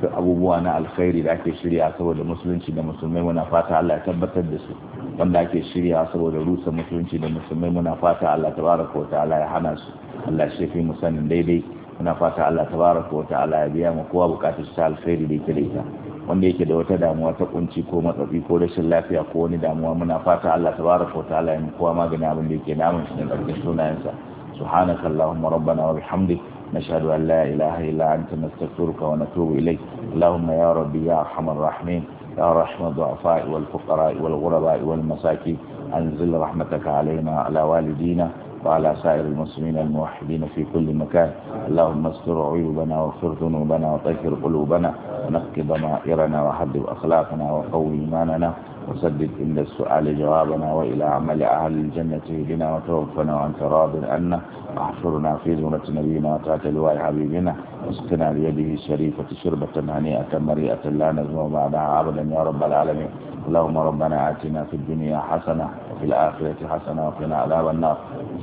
to abubuwa na alkhairi da ake shirya saboda musulunci da musulmai muna fata Allah ya tabbatar da su wanda ake shirya saboda rusa musulunci da musulmai muna fata Allah tabaraka wa ta'ala ya hana su Allah ya shafi mu sanin daidai muna fata Allah tabaraka wa ta'ala ya biya mu kowa bukatun sa alkhairi da yake da ita wanda yake da wata damuwa ta kunci ko matsafi ko rashin lafiya ko wani damuwa muna fata Allah tabaraka wa ta'ala ya kowa magana abin da yake namun shi ne karkin sunayensa subhanaka allahumma rabbana wa bihamdik nashhadu an la ilaha illa anta nastaghfiruka wa natubu ilayk allahumma ya rabbi ya arhamar rahimin ya rahma dhu'afa wal fuqara wal ghuraba wal masakin anzil rahmataka alayna ala walidina وعلى سائر المسلمين الموحدين في كل مكان اللهم استر عيوبنا واغفر ذنوبنا وطهر قلوبنا ونقض ضمائرنا وحبب أخلاقنا وقوي إيماننا وسدد إن السؤال جوابنا وإلى عمل أهل الجنة بنا وتوفنا وأنت راض عنا أحفرنا في زمرة نبينا وتعطي لواء حبيبنا واسقنا بيده الشريفة شربة هنيئة مريئة لا نزم بعدها أبدا يا رب العالمين اللهم ربنا آتنا في الدنيا حسنة وفي الآخرة حسنة وقنا عذاب النار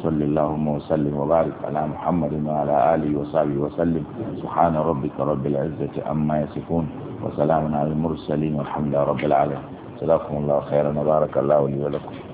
صلى اللهم وسلم وبارك على محمد وعلى آله وصحبه وسلم سبحان ربك رب العزة أما يصفون وسلام على المرسلين والحمد لله رب العالمين جزاكم الله خيرا وبارك الله لي ولكم